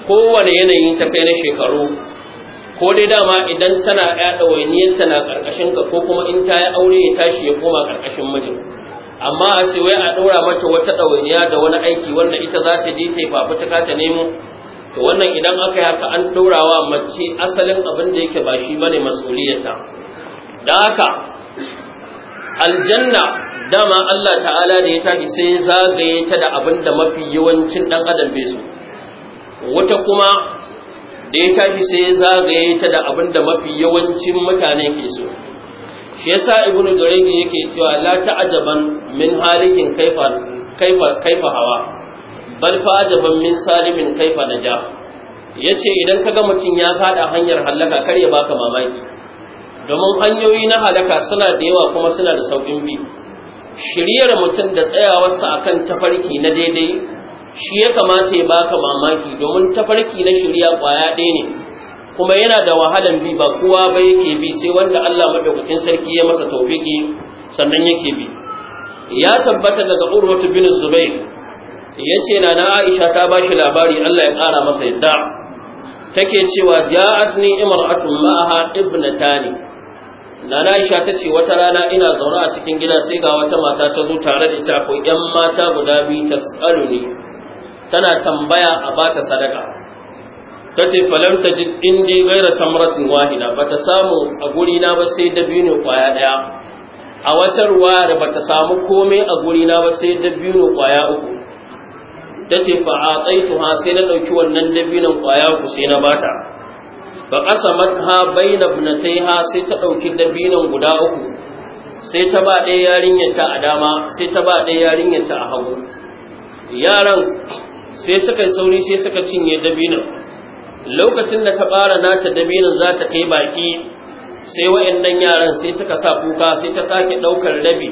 kowane yanayin ta kai na shekaru ko dai dama idan tana ya ɗawainiyarta na ƙarƙashin ka ko kuma in ta yi aure ya tashi ya koma ƙarƙashin mijin amma a ce wai a ɗora mata wata ɗawainiya da wani aiki wanda ita za ta je ta yi fafutuka ta nemo to wannan idan aka yi haka an wa mace asalin abin da yake ba shi bane masuliyata da haka aljanna dama Allah ta'ala da ya tafi sai zagaye ta da abin da mafi yawancin ɗan adam bai so wata kuma da ya tafi sai zagaye ta da abin da mafi yawancin mutane ke so shi yasa ibnu jurayj yake cewa la ta'ajaban min halikin kaifa kaifa hawa bal ajaban min salimin kaifa naja yace idan kaga mutum ya fada hanyar halaka kar ya baka mamaki domin hanyoyi na halaka suna da yawa kuma suna da saukin bi shiryar mutum da tsayawarsa akan tafarki na daidai shi ya kamata ya baka mamaki domin tafarki na shirya kwaya ɗaya ne kuma yana da wahalan bi ba kowa ba yake bi sai wanda Allah madaukakin sarki ya masa tawfiki sannan yake bi ya tabbata daga Urwatu bin Zubair yace na na Aisha ta ba shi labari Allah ya kara masa yadda take cewa ja'atni imra'atun ma'aha ibnatani na na Aisha tace wata rana ina zaune a cikin gida sai ga wata mata ta zo tare da ita ko ƴan mata guda biyu tas'aluni tana tambaya a bata sadaka tace falam ji indi gaira tamratin wahida ta samu a guri na ba sai dabino kwaya daya a wata ruwa da bata samu komai a guri na ba sai dabino kwaya uku ta ce fa ha sai na ɗauki wannan dabinan ƙwaya ku sai na bata fa na bunatai ha sai ta ɗauki dabinan guda uku sai ta ba ɗaya yarinyar ta a dama sai ta ba ɗaya yarinyar ta a hagu yaran sai suka yi sauri sai suka cinye dabinan lokacin da ta ɓara nata dabinan za ta kai baki sai wa'annan yaran sai suka sa kuka sai ta sake ɗaukar rabi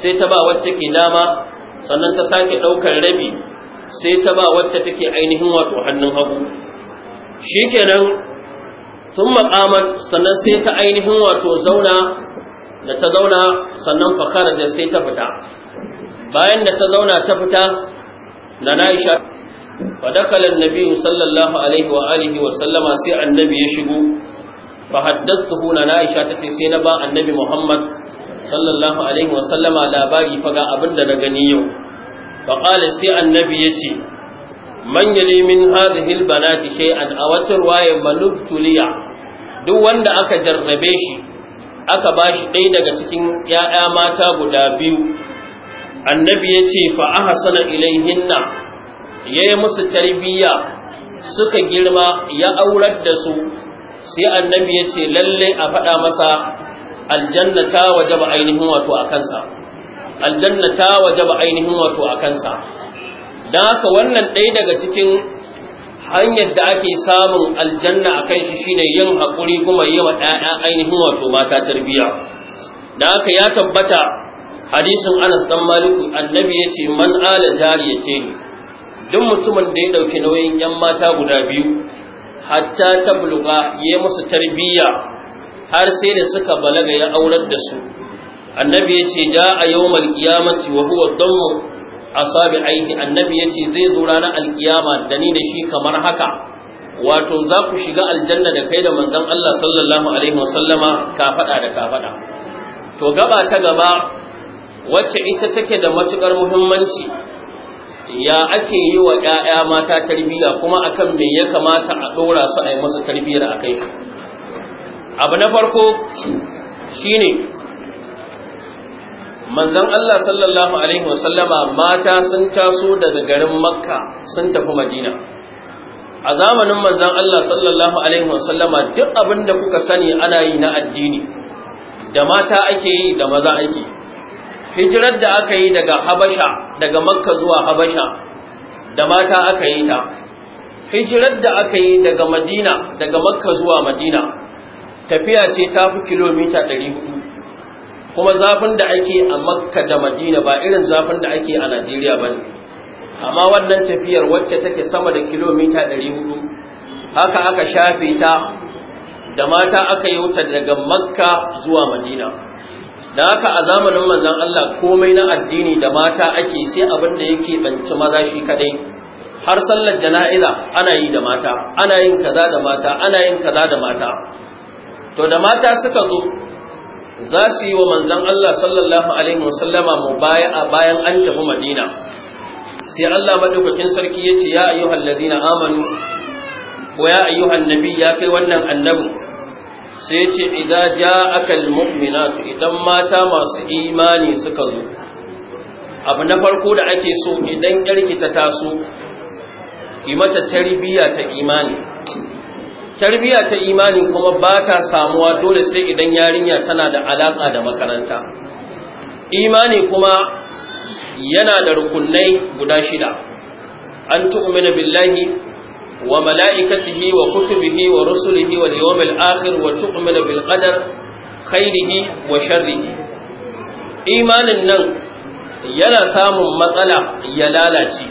sai ta ba wacce ke dama sannan ta sake ɗaukar rabi sai ta ba wacce take ainihin wato hannun hagu shikenan sun maƙamar sannan sai ta ainihin wato zauna da ta zauna sannan fakara da sai ta fita bayan da ta zauna ta fita na na'isha fadakalar nabi sallallahu alaihi wa alihi wa sallama sai annabi ya shigo na ta فحدثته لنا عائشة تسينا با النبي محمد صلى الله عليه وسلم على باري فقا أبن gani yau. faƙali sai annabi ya ce man yali min hadhihi albanati shay'an a wata ruwaya manubtuliya duk wanda aka jarrabe shi aka bashi ɗaya daga cikin ‘ya'ya mata guda biyu annabi ya ce fa ahsana ilaihinna ya yi musu tarbiyya suka girma ya aurar da su sai annabi ya ce lalle a faɗa masa aljanna ta wajaba ainihin wato a kansa aljanna ta wajaba ainihin wato a kansa don haka wannan ɗaya daga cikin hanyar da ake samun aljanna a kan shi shine yin haƙuri kuma yi wa ɗaya ainihin wato mata tarbiyya da haka ya tabbata hadisin anas dan maliku annabi ya ce man ala jariyake ni duk mutumin da ya ɗauki nauyin yan mata guda biyu hatta ta buluga, ya musu tarbiyya har sai da suka balaga ya aurar da su annabi yace a yawmal qiyamati wa huwa a asabi aini annabi yace zai zo ranar alkiyama da ni da shi kamar haka wato za ku shiga aljanna da kai da manzon Allah sallallahu alaihi wa sallama ka fada da ka fada to gaba ta gaba wacce ita take da matukar muhimmanci ya ake yi wa ƴaƴa mata tarbiyya kuma akan me ya kamata a dora su a yi musu tarbiyyar akai abu na farko shine manzon Allah sallallahu alaihi wasallama mata sun taso daga garin makka sun tafi madina a zamanin manzon Allah sallallahu alaihi wasallama duk abin da kuka sani ana yi na addini da mata ake yi da maza ake hijirar da aka yi daga habasha daga makka zuwa habasha da mata aka yi ta hijirar da aka yi daga madina daga makka zuwa madina tafiya ce ta fi kilomita 400 kuma zafin da ake a makka da madina ba irin zafin da ake a najeriya ba ne amma wannan tafiyar wacce take sama da kilomita 400 haka aka shafe ta da mata aka yi wuta daga makka zuwa madina da haka a zamanin manzan Allah komai na addini da mata ake sai abin da yake banci maza shi kadai har sallar jana'iza ana yi da mata ana yin kaza da mata ana yin kaza da mata to da mata suka zo za su yi wa manzon Allah sallallahu alaihi wasallama a bayan an tafi Madina sai Allah maɗaukakin sarki ya ce ya ayyuhan ladina amanu wa ya ayyuhan nabi ya kai wannan annabi sai ce yace idza ja'aka almu'minatu idan mata masu imani suka zo abu na farko da ake so idan yarki ta taso ki mata tarbiyya ta imani tarbiyya ta imani kuma ba ta samuwa dole sai idan yarinya tana da alaƙa da makaranta imani kuma yana da rukunai guda shida an tu'mina billahi wa mala'ikatihi wa kutubihi wa rusulihi wa yawmil akhir wa tu'mina bil qadar khairihi wa sharrihi imanin nan yana samun matsala ya lalace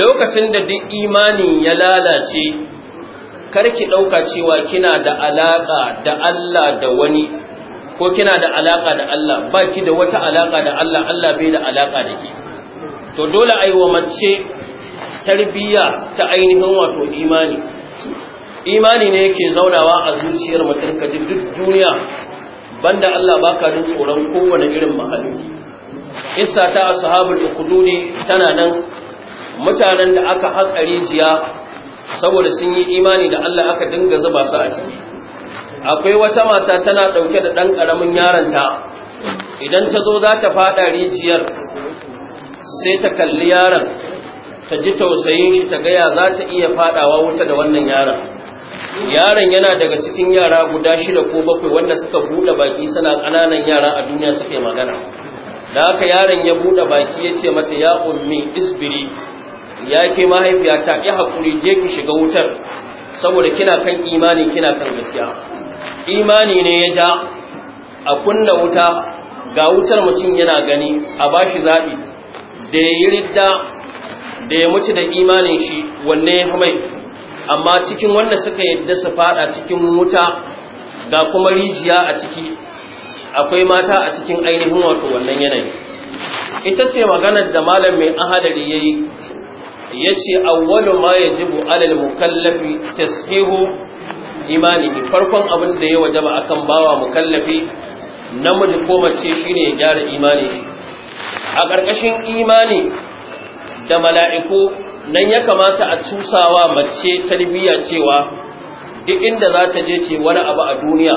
lokacin da duk imanin ya lalace karki ɗauka cewa kina da alaƙa da Allah da wani ko kina da alaƙa da Allah ba ki da wata alaƙa da Allah Allah bai da alaƙa da ke to dole a yi wa mace tarbiyya ta ainihin wato imani imani ne yake zaunawa a zuciyar mutum ka duk duniya banda Allah baka jin tsoron kowane irin mahaluki isa ta ashabul ne tana nan mutanen da aka haƙa rijiya saboda sun yi imani da Allah aka dinga zuba su a ciki akwai wata mata tana ɗauke da ɗan ƙaramin yaronta idan ta zo za ta faɗa rijiyar sai ta kalli yaron ta ji tausayin shi ta gaya za ta iya faɗawa wuta da wannan yaron yaron yana daga cikin yara guda shida ko bakwai wanda suka buɗe baki suna ƙananan yara a duniya suka yi magana da haka yaron ya buɗe baki ya ce mata ya ummi isbiri ya ke mahaifiyata ya haƙuri je ki shiga wutar saboda kina kan imani kina kan gaskiya imani ne ya ja a kunna wuta ga wutar mutum yana gani a bashi zaɓi da ya yi ridda da ya mutu da imanin shi wanne ya mai amma cikin wanda suka yadda su fada cikin wuta ga kuma rijiya a ciki akwai mata a cikin ainihin wato wannan yanayi ita ce maganar da malam mai ahadari ya yi Ya ce, awwalu ma yajibu alal mukallafi tashihu imanihi farkon abin da ya wajaba akan bawa mukallafi namiji ko mace shine ya gyara imani a ƙarƙashin imani da mala'iku nan ya kamata a tusawa mace tarbiyya cewa duk inda za ta je ce wani abu a duniya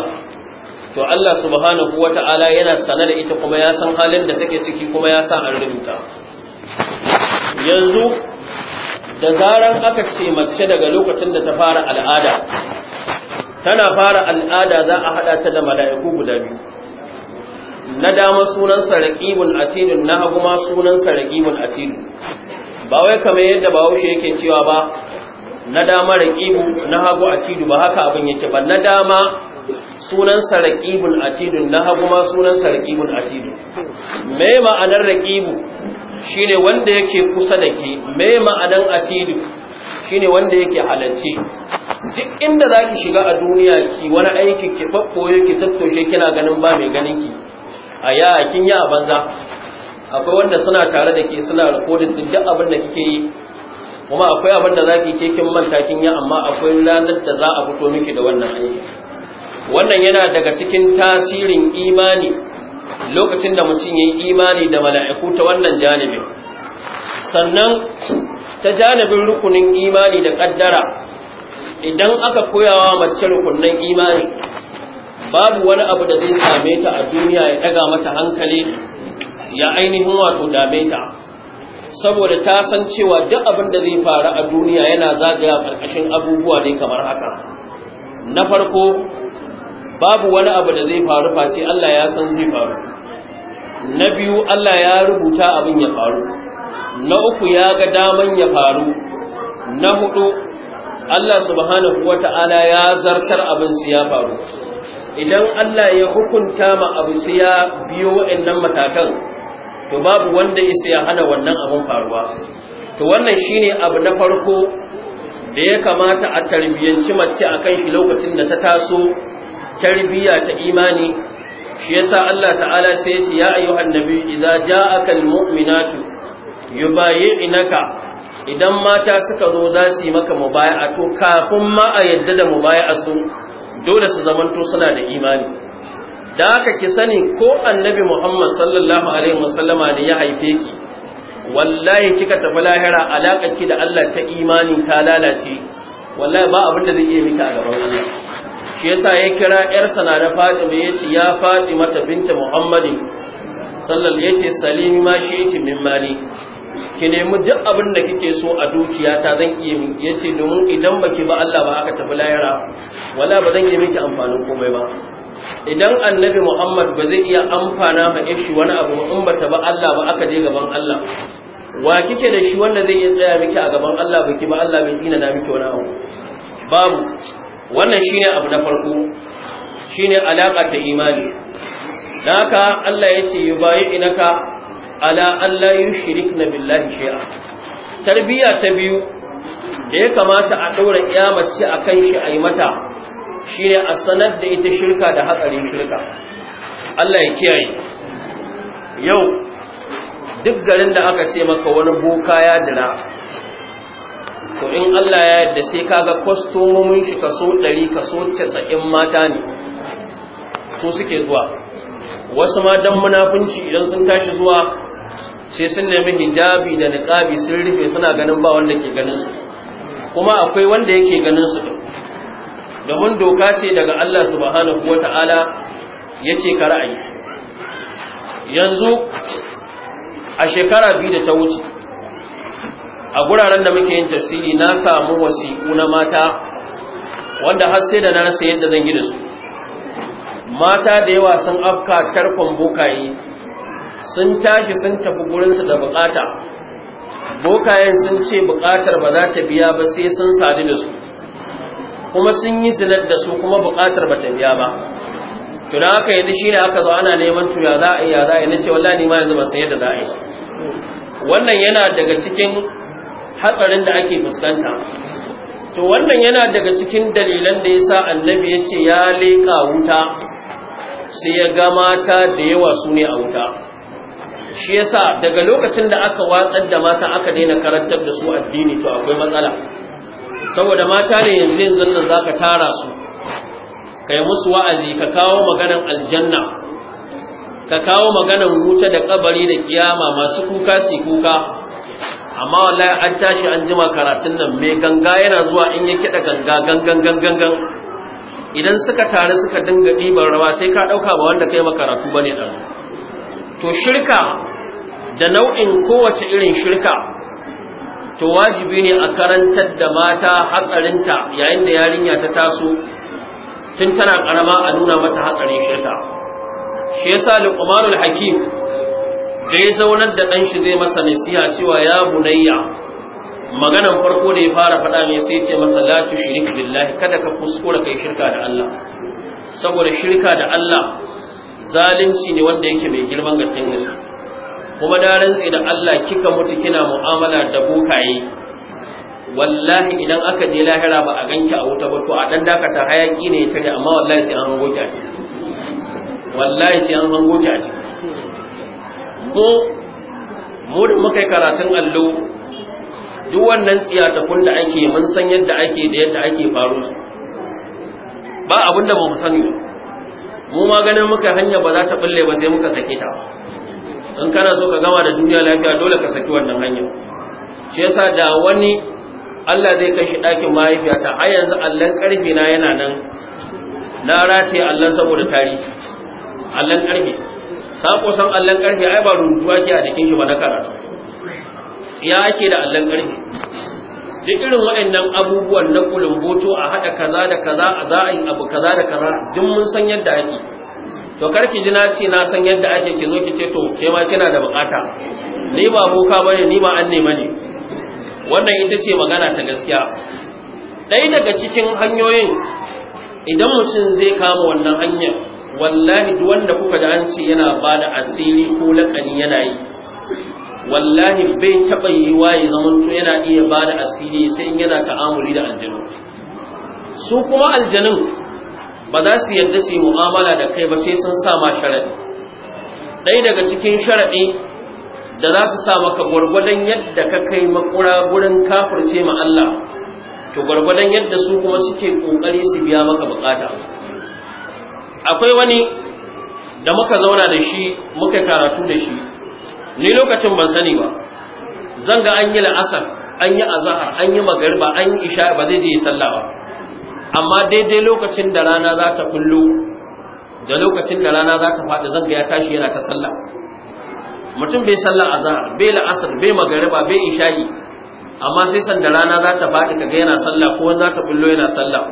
to Allah subhanahu wata'ala yana sane da ita kuma ya san halin da take ciki kuma ya san an rubuta yanzu da zaran aka ce mace daga lokacin da ta fara al'ada tana fara al'ada za a haɗa ta da mala'iku guda biyu na dama sunansa sarqibul atilun na hagu ma sunansa raƙibun ba wai kamar yadda bahaushe yake cewa ba na dama raqibu na hagu atidu ba haka abin yake ba na dama sunansa sarqibul atidun na hagu ma sunansa raƙibun me ma'anar raƙibu Shi ne wanda yake kusa da ke a ma'anan atidu ne wanda yake halarci duk inda za ki shiga a duniya ki wani aiki ki babboye ki tattoshe kina ganin ba mai ganin ki a ya kin yi a banza akwai wanda suna tare da ke suna rikodin duk abin da kike yi kuma akwai abin da za ki ke kin manta kin yi amma akwai ranar da za a fito miki da wannan aiki wannan yana daga cikin tasirin imani lokacin da mutum ya yi imani da mala'iku ta wannan janibin sannan ta janibin rukunin imani da ƙaddara, idan aka koyawa mace rukunin imani babu wani abu da zai same ta a duniya ya ɗaga mata hankali ya ainihin wato dame ta saboda ta san cewa duk abin da zai faru a duniya yana zagaya ƙarƙashin abubuwa ne kamar haka na farko babu wani abu da zai faru face Allah ya san zai faru na biyu Allah ya rubuta abin ya faru na uku ya ga daman ya faru na hudu Allah subhanahu Ta'ala ya zartar abin su ya faru idan Allah ya hukunta ma abu su ya biyo waɗannan matakan to babu wanda isa ya hana wannan abin faruwa to wannan shine abu na farko da ya kamata a tarbiyyanci mace akan shi lokacin da ta taso tarbiyya ta imani shi yasa Allah ta'ala sai ya ce ya ayyuhan nabi idza ja'aka almu'minatu yubayyi'naka idan mata suka zo za su yi maka mubaya'a to kafin ma a yadda da mubaya'a su dole su zamanto suna da imani da haka ki sani ko annabi Muhammad sallallahu alaihi wasallama ne ya haife ki wallahi kika tafi lahira alaƙar ki da Allah ta imani ta lalace wallahi ba abin da zai iya miki a gaban Allah shi yasa ya kira yarsa na da Fatima yace ya Fatima ta binta Muhammadin sallallahu yace salimi ma shi yace min mali ki nemi duk abin da kike so a dukiya ta zan iya miki yace domin idan baki ba Allah ba aka tafi layara wala ba zan iya miki amfanin komai ba idan annabi Muhammad ba zai iya amfana ma shi wani abu in bata ba Allah ba aka je gaban Allah wa kike da shi wanda zai iya tsaya miki a gaban Allah baki ba Allah bai dina na miki wani abu babu wannan shi ne abu na farko shi ne alaƙa ta imani Na haka Allah ya ce yace ka, ala Allah yi shirik na billahi shi'a Tarbiyya ta biyu da ya kamata a daura a kan shi a yi mata shine a sanar da ita shirka da hatsarin shirka Allah ya kiyaye yau duk garin da aka ce maka wani boka ya dira to in Allah ya yadda sai kaga kwastomomin shi kaso 100 kaso 90 mata ne su suke zuwa wasu ma dan munafunci idan sun tashi zuwa sai sun nemi hijabi da niqabi sun rufe suna ganin ba wanda ke ganin su kuma akwai wanda yake ganin su domin doka ce daga Allah subhanahu wata'ala yace ka ra'ayi yanzu a shekara biyu da ta wuce a guraren da muke yin tafsiri na samu wasiƙu na mata wanda har sai da na rasa yadda zan yi da su mata da yawa sun afka tarkon bokaye sun tashi sun tafi gurinsu da bukata bokayen sun ce bukatar ba za ta biya ba sai sun sadu da su kuma sun yi zinar da su kuma bukatar ba ta biya ba tuna aka yi shi ne aka zo ana neman tuya za a yi ya za a yi na wallahi ma yanzu ba sai yadda za a yi wannan yana daga cikin hatsarin da ake fuskanta to wannan yana daga cikin dalilan da ya sa annabi ya ce ya leƙa wuta sai ya ga mata da yawa su ne a wuta shi yasa daga lokacin da aka watsar da mata aka daina karantar da su addini to akwai matsala saboda mata ne yanzu yanzu nan zaka tara su kai musu wa'azi ka kawo maganan aljanna ka kawo maganan wuta da kabari da kiyama masu kuka si kuka amma wallahi an tashi an jima karatun nan mai ganga yana zuwa in ya kiɗa ganga gangan gangan idan suka tare suka dinga ɗiban rawa sai ka ɗauka ba wanda kai makaratu ba ne ɗan to shirka da nau'in kowace irin shirka to wajibi ne a karantar da mata hatsarinta yayin da yarinya ta taso tun tana karama a nuna mata hatsarin shirka shi yasa luqmanul hakim da ya zaunar da ɗan shi zai masa nasiha cewa ya bunayya maganan farko da ya fara faɗa ne sai ce masa la tu shirik billahi kada ka kuskura kai shirka da Allah saboda shirka da Allah zalunci ne wanda yake mai girman gaske gaske kuma da rantsi da Allah kika mutu kina mu'amala da bokaye wallahi idan aka je lahira ba a ganki a wuta ba to a dan dakata hayaki ne ya tare amma wallahi sai an hango ki a ciki wallahi sai an hango ki a ciki ko mu da karatun allo duk wannan tsiyatakun da ake mun san yadda ake da yadda ake faru su ba abin da ba mu sani mu ma ganin muka hanya ba za ta bulle ba sai muka sake ta in kana so ka gama da duniya lafiya dole ka saki wannan hanya shi yasa da wani Allah zai kashi ɗakin mahaifiyata a yanzu allan ƙarfe na yana nan na rataye allan saboda tarihi, allan ƙarfe sako san allon karfe ai ba rubutuwa ke a jikin shi ba na karatu ya ake da allon karfe duk irin waɗannan abubuwan na kulumboto a haɗa kaza da kaza a za a yi abu kaza da kaza duk mun san yadda ake to karki ji na ce na san yadda ake ki zo ki ce to ke ma kina da bukata ni ba boka bane ni ba an nema ne wannan ita ce magana ta gaskiya ɗaya daga cikin hanyoyin idan mutum zai kama wannan hanyar wallahi duk wanda kuka da an ce yana ba da asiri ko lakani yana yi wallahi bai taɓa wa ya zamanto yana iya ba da asiri sai in yana ta'amuli da aljanu su kuma aljanun ba za su yarda su yi mu'amala da kai ba sai sun sa ma sharaɗi ɗaya daga cikin sharaɗi da za su sa maka gwargwadon yadda ka kai makura gurin kafirce ma Allah to gwargwadon yadda su kuma suke ƙoƙari su biya maka buƙata akwai wani da muka zauna da shi muka karatu da shi ni lokacin ban sani ba zan ga an yi la'asar an yi azahar an yi magariba an yi isha ba zai je sallah ba amma daidai lokacin da rana za ta kullo da lokacin da rana za ta faɗi zan ga ya tashi yana ta sallah mutum bai sallah azahar bai la'asar bai magariba bai isha'i amma sai sanda rana za ta faɗi kaga yana sallah ko wanda za ta kullo yana sallah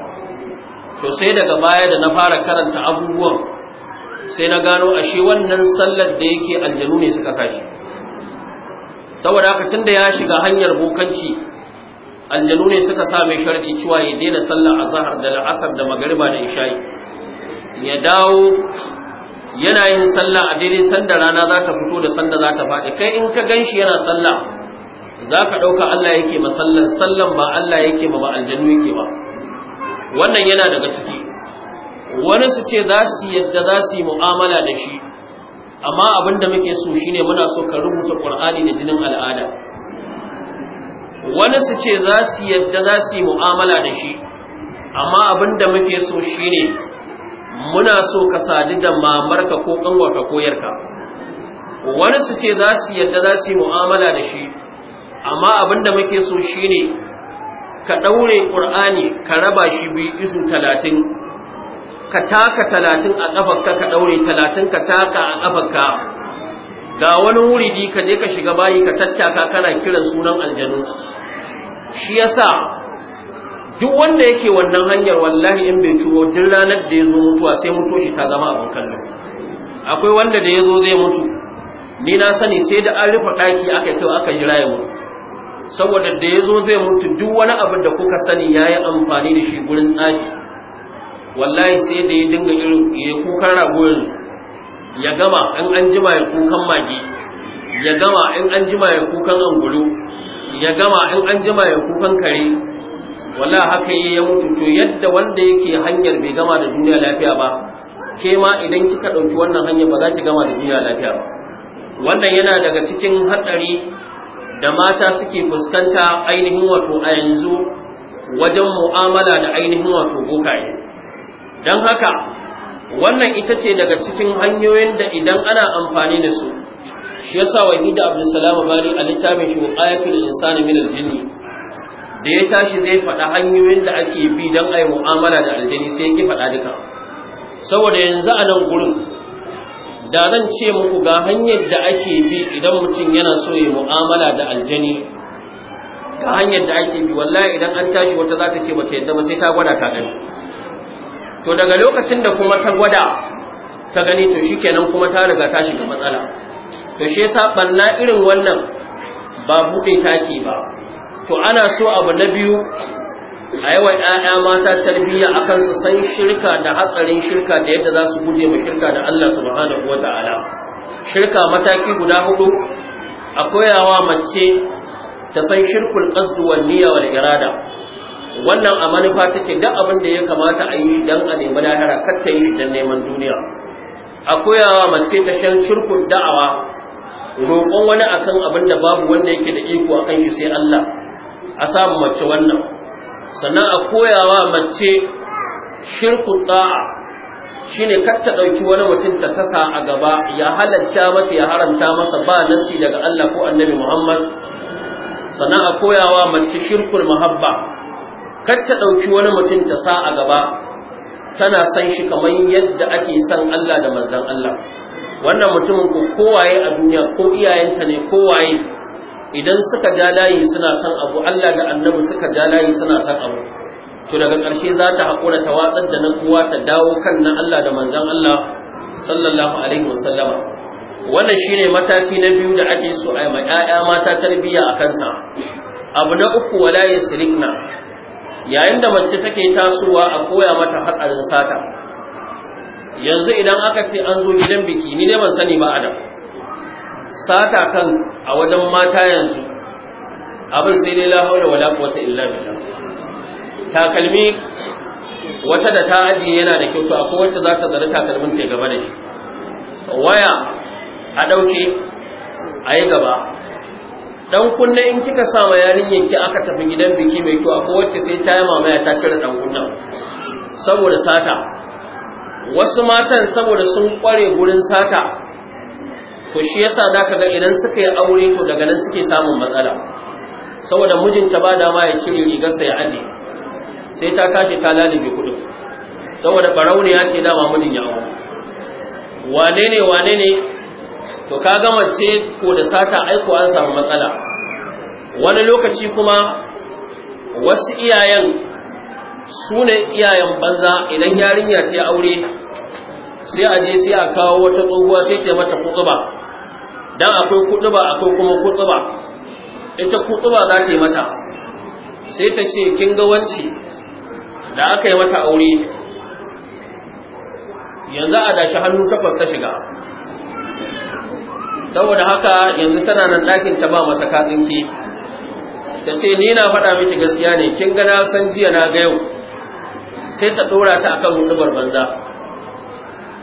to sai daga baya da na fara karanta abubuwan sai na gano ashe wannan sallar da yake aljanu ne suka sashi saboda haka tunda ya shiga hanyar bokanci aljanu ne suka sa mai sharadi cewa ya daina sallar Zahar, da la'asar da magariba da isha'i ya dawo yana yin sallah a daidai sanda rana za ta fito da sanda za ta faɗi kai in ka gan shi yana sallah za ka ɗauka Allah yake ma sallar, sallan ba Allah yake ma ba aljanu yake ba wannan yana daga ciki wani su ce za su yadda za su yi mu'amala da shi amma abin da muke so shine muna so ka rubuta qur'ani da jinin al'ada wani su ce za su yadda za su yi mu'amala da shi amma abin da muke so shine muna so ka sadu da mamarka ko kanwarka ko yarka wani su ce za su yadda za su yi mu'amala da shi amma abin da muke so shine ka ɗaure ƙur'ani ka raba shi biyu isu talatin ka taka talatin a ƙafarka ka ɗaure talatin ka taka a ƙafarka ga wani wuridi ka je ka shiga bayi ka tattaka kana kiran sunan aljanu shi ya sa duk wanda yake wannan hanyar wallahi in bai ciwo duk ranar da ya zo mutuwa sai mutu shi ta zama abin kallon akwai wanda da ya zo zai mutu ni na sani sai da an rufe ɗaki aka yi aka jira ya mutu saboda da ya zo zai mutu duk wani abin da kuka sani ya yi amfani da shi gurin tsafi wallahi sai da ya dinga irin ya kukan ragoyin ya gama in an jima ya kukan magi ya gama in an jima ya kukan angulu ya gama in an jima ya kukan kare wallahi haka yi ya mutu to yadda wanda yake hanyar bai gama da duniya lafiya ba ke ma idan kika ɗauki wannan hanyar ba za ki gama da duniya lafiya ba wannan yana daga cikin hatsari da mata suke fuskanta ainihin wato a yanzu wajen mu'amala da ainihin wato bokaye don haka wannan ita ce daga cikin hanyoyin da idan ana amfani da su shi ya sa yasa wahida abdulsalam Bari a littafin shi wa insani min aljinni da ya tashi zai faɗa hanyoyin da ake bi don a yi mu'amala da aljini sai ya ke faɗa duka saboda yanzu a nan gurin da zan ce muku ga hanyar da ake bi idan mutum yana so ya mu'amala da aljani ga hanyar da ake bi wallahi idan an tashi wata za ta ce ba ta yadda ba sai ta gwada ka gani to daga lokacin da kuma ta gwada ta gani to shikenan kuma ta riga ta shiga matsala to shi yasa banna irin wannan ba buɗe taki ba to ana so abu na biyu a yawan ‘ya'ya mata tarbiyya a kansu san shirka da hatsarin shirka da yadda za su guje ma shirka da Allah subhanahu wa ta'ala shirka mataki guda hudu a koyawa mace ta san shirkul qasd wal niyya wa irada wannan a manufa take duk abin da ya kamata a yi don a nemi lahira kar ta yi don neman duniya a koyawa mace ta shan shirkul da'awa roƙon wani akan abin da babu wanda yake da iko akan shi sai Allah a samu mace wannan sannan a koyawa mace shirku ta'a shine ne katta ɗauki wani mutum ta tasa a gaba ya halatta mata ya haramta masa ba nasi daga Allah ko annabi Muhammad sannan a koyawa mace shirkul muhabba katta ɗauki wani mutum ta sa a gaba tana san shi kamar yadda ake san Allah da manzon Allah wannan mutumin ko kowaye a duniya ko iyayenta ne kowaye idan suka ga layi suna son abu Allah da annabi suka ga layi suna son abu to daga ƙarshe za ta haƙura ta watsar da na kowa ta dawo kan na Allah da manzon Allah sallallahu alaihi wasallama wannan shine mataki na biyu da ake so a yi ma ƴaƴa mata tarbiyya a kansa abu na uku wala silikna. yayin da mace take tasowa a koya mata haƙarin sata yanzu idan aka ce an zo gidan biki ni dai ban sani ba adam sata kan a wajen mata yanzu abin sai dai la haula wala quwwata illa billah takalmi wata da ta ajiye yana da kyau to akwai wacce za ta zara takalmin ta gaba da shi waya a dauke a yi gaba dan kunne in kika sa ma yarin ki aka tafi gidan biki mai kyau akwai wacce sai ta yi mamaya ta cire dan kunna saboda sata wasu matan saboda sun kware gurin sata to shi yasa za ka ga idan suka yi aure to daga nan suke samun matsala saboda mijinta ba dama ya cire rigarsa ya aje sai ta kashi ta lalibe kudin saboda ya ce dama mijin ya aure wane ne wane ne to ka ga mace ko da sata aiko an samu matsala wani lokaci kuma wasu iyayen su ne iyayen banza idan yarinya ta aure sai a je sai a kawo wata tsohuwa sai ta mata kutuba dan akwai kutuba akwai kuma kutuba ita kutuba za ta yi mata sai ta ce kin ga wance da aka yi mata aure yanzu a dashi hannu takwas ta shiga saboda haka yanzu tana nan ɗakin ta ba masa kaɗinki ta ce ni na faɗa miki gaskiya ne kin ga na san jiya na ga yau sai ta ɗora ta akan huɗubar banza